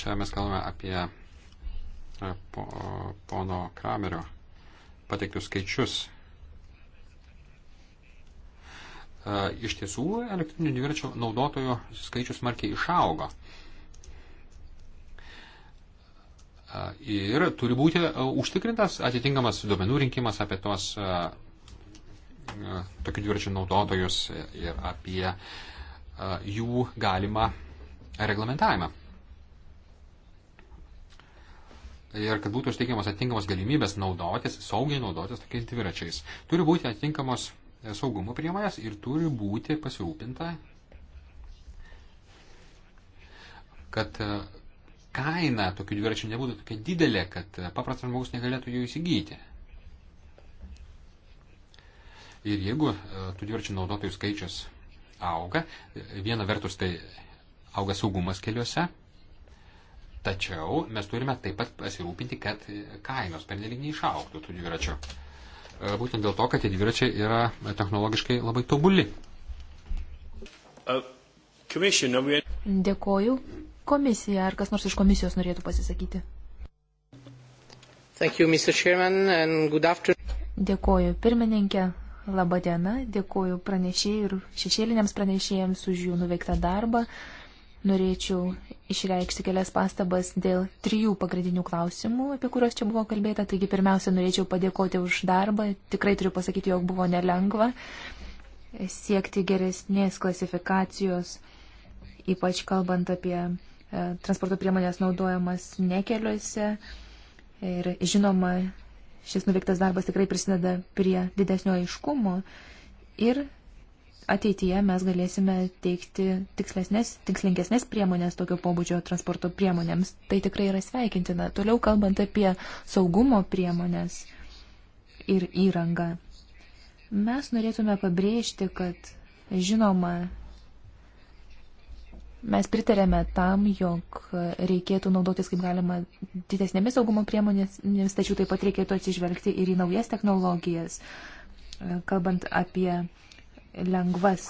Čia mes kalbame apie pono Kramerio pateiktus skaičius. Iš tiesų, elektrinių dviračių naudotojų skaičius smarkiai išaugo. Ir turi būti užtikrintas atitinkamas duomenų rinkimas apie tos tokių dviračių naudotojus ir apie jų galimą reglamentavimą. ir kad būtų užtikrinamos atitinkamos galimybės naudotis, saugiai naudotis tokiais dviračiais. Turi būti atitinkamos e, saugumo priemonės ir turi būti pasirūpinta, kad e, kaina tokių dviračių nebūtų tokia didelė, kad e, paprastas žmogus negalėtų jų įsigyti. Ir jeigu tų dviračių naudotojų skaičius auga, viena vertus tai auga saugumas keliuose, Tačiau mes turime taip pat pasirūpinti, kad kainos pernelyg neišauktų tų dviračių. E, būtent dėl to, kad tie dviračiai yra technologiškai labai tobuli. Uh, dėkoju. Komisija, ar kas nors iš komisijos norėtų pasisakyti? Thank you, Mr. Chairman, and good afternoon. Dėkoju pirmininkė, laba diena, dėkoju pranešėjai ir šešėliniams pranešėjams už jų nuveiktą darbą. Uh, norėčiau išreikšti kelias pastabas dėl trijų pagrindinių klausimų, apie kuriuos čia buvo kalbėta. Taigi, pirmiausia, norėčiau padėkoti už darbą. Tikrai turiu pasakyti, jog buvo nelengva siekti geresnės klasifikacijos, ypač kalbant apie e, transporto priemonės naudojamas nekeliuose. Ir žinoma, šis nuveiktas darbas tikrai prisideda prie didesnio aiškumo ir ateityje mes galėsime teikti tikslesnės, tikslingesnės priemonės tokio pobūdžio transporto priemonėms. Tai tikrai yra sveikintina. Toliau kalbant apie saugumo priemonės ir įrangą, mes norėtume pabrėžti, kad žinoma, mes pritarėme tam, jog reikėtų naudotis kaip galima didesnėmis saugumo priemonėmis, tačiau taip pat reikėtų atsižvelgti ir į naujas technologijas, kalbant apie lengvas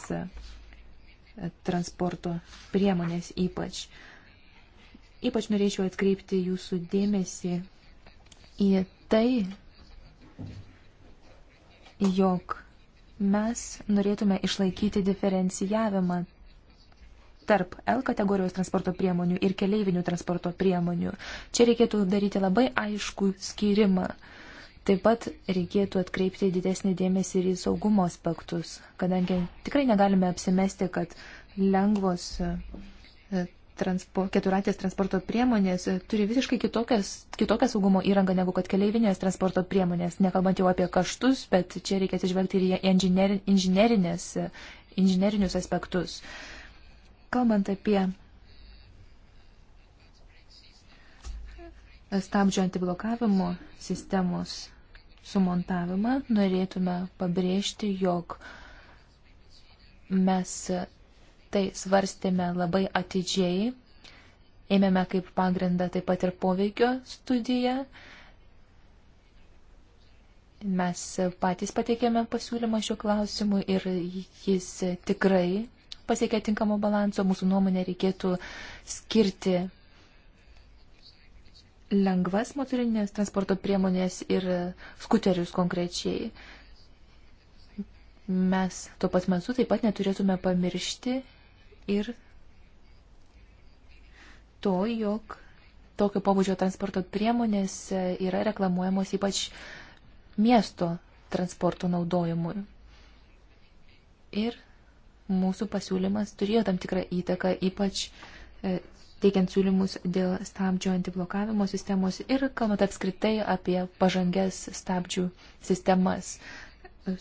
transporto priemonės ypač. Ypač norėčiau atkreipti jūsų dėmesį į tai, jog mes norėtume išlaikyti diferencijavimą tarp L kategorijos transporto priemonių ir keleivinių transporto priemonių. Čia reikėtų daryti labai aiškų skirimą. Uh, Taip pat reikėtų atkreipti didesnį dėmesį ir į saugumo aspektus, kadangi tikrai negalime apsimesti, kad lengvos e, transpo, keturatės transporto priemonės e, turi visiškai kitokias, kitokią saugumo įrangą negu kad keleivinės transporto priemonės, nekalbant jau apie kaštus, bet čia reikia atsižvelgti ir į inžinier, inžinerinius e, aspektus. Kalbant apie stabdžio antiblokavimo sistemos sumontavimą, norėtume pabrėžti, jog mes tai svarstėme labai atidžiai, ėmėme kaip pagrindą taip pat ir poveikio studiją. Mes patys pateikėme pasiūlymą šiuo klausimu ir jis tikrai pasiekė tinkamo balanso. Mūsų nuomonė reikėtų skirti lengvas motorinės transporto priemonės ir skuterius konkrečiai. Mes tuo pat metu taip pat neturėtume pamiršti ir to, jog tokio pobūdžio transporto priemonės yra reklamuojamos ypač miesto transporto naudojimui. Ir mūsų pasiūlymas turėjo tam tikrą įtaką ypač e, teikiant siūlymus dėl stabdžio antiblokavimo sistemos ir kalbant apskritai apie pažangės stabdžių sistemas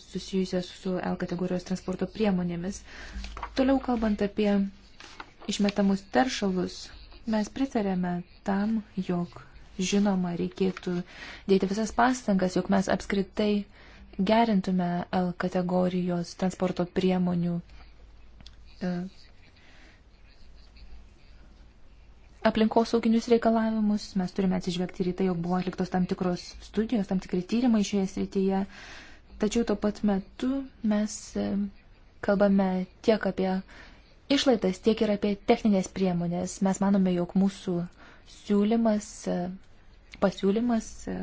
susijusias su L kategorijos transporto priemonėmis. Toliau kalbant apie išmetamus teršalus, mes pritarėme tam, jog žinoma reikėtų dėti visas pastangas, jog mes apskritai gerintume L kategorijos transporto priemonių e, aplinkosauginius reikalavimus, mes turime atsižvelgti ir į tai, jog buvo atliktos tam tikros studijos, tam tikri tyrimai šioje srityje. Tačiau tuo pat metu mes e, kalbame tiek apie išlaidas, tiek ir apie techninės priemonės. Mes manome, jog mūsų siūlymas, e, pasiūlymas, e,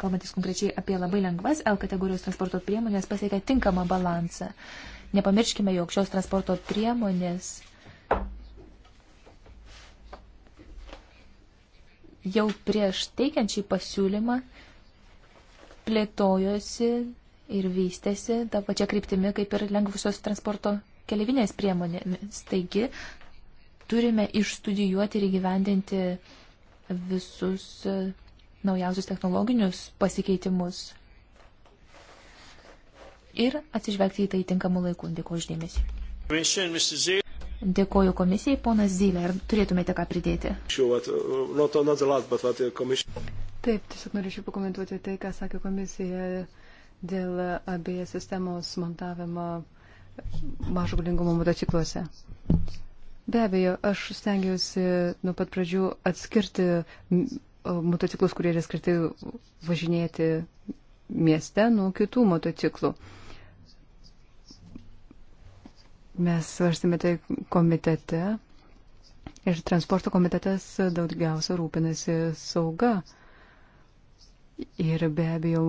kalbantis konkrečiai apie labai lengvas L kategorijos transporto priemonės, pasiekia tinkamą balansą. Nepamirškime, jog šios transporto priemonės jau prieš teikiant šį pasiūlymą plėtojosi ir vystėsi tą pačią kryptimį kaip ir lengvusios transporto keliavinės priemonėmis. Taigi turime išstudijuoti ir įgyvendinti visus e, naujausius technologinius pasikeitimus ir atsižvelgti į tai tinkamų laikų. Dėkuoju uždėmesi. Dėkoju komisijai, ponas Zylė, ar turėtumėte ką pridėti? Taip, tiesiog norėčiau pakomentuoti tai, ką sakė komisija dėl abieją sistemos montavimo mažo galingumo motocikluose. Be abejo, aš stengiausi nuo pat pradžių atskirti motociklus, kurie yra skirti važinėti mieste nuo kitų motociklų. Uh, Mes svarstėme tai komitete ir transporto komitetas daugiausia rūpinasi sauga. Ir be abejo,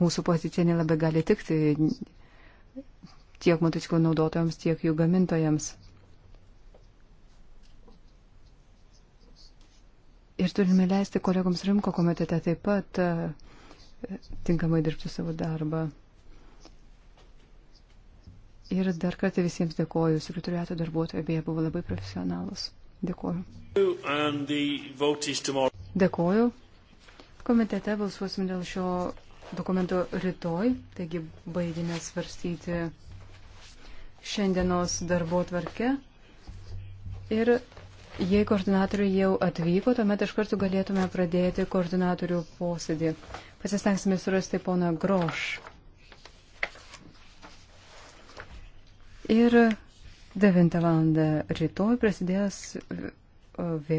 mūsų pozicija nelabai gali tikti tiek motociklų naudotojams, tiek jų gamintojams. Ir turime leisti kolegoms Rimko komitete taip pat e, tinkamai dirbti savo darbą. Ir dar kartą visiems dėkoju. Sekretoriato darbuotojai beje buvo labai profesionalus. Dėkoju. Dėkoju. Komitete balsuosim dėl šio dokumento rytoj, taigi baigime svarstyti šiandienos darbo tvarkę. Ir jei koordinatoriai jau atvyko, tuomet iš karto galėtume pradėti koordinatorių posėdį. Pasistengsime surasti poną Grošą. Ir 9 val. rytoj prasidės e,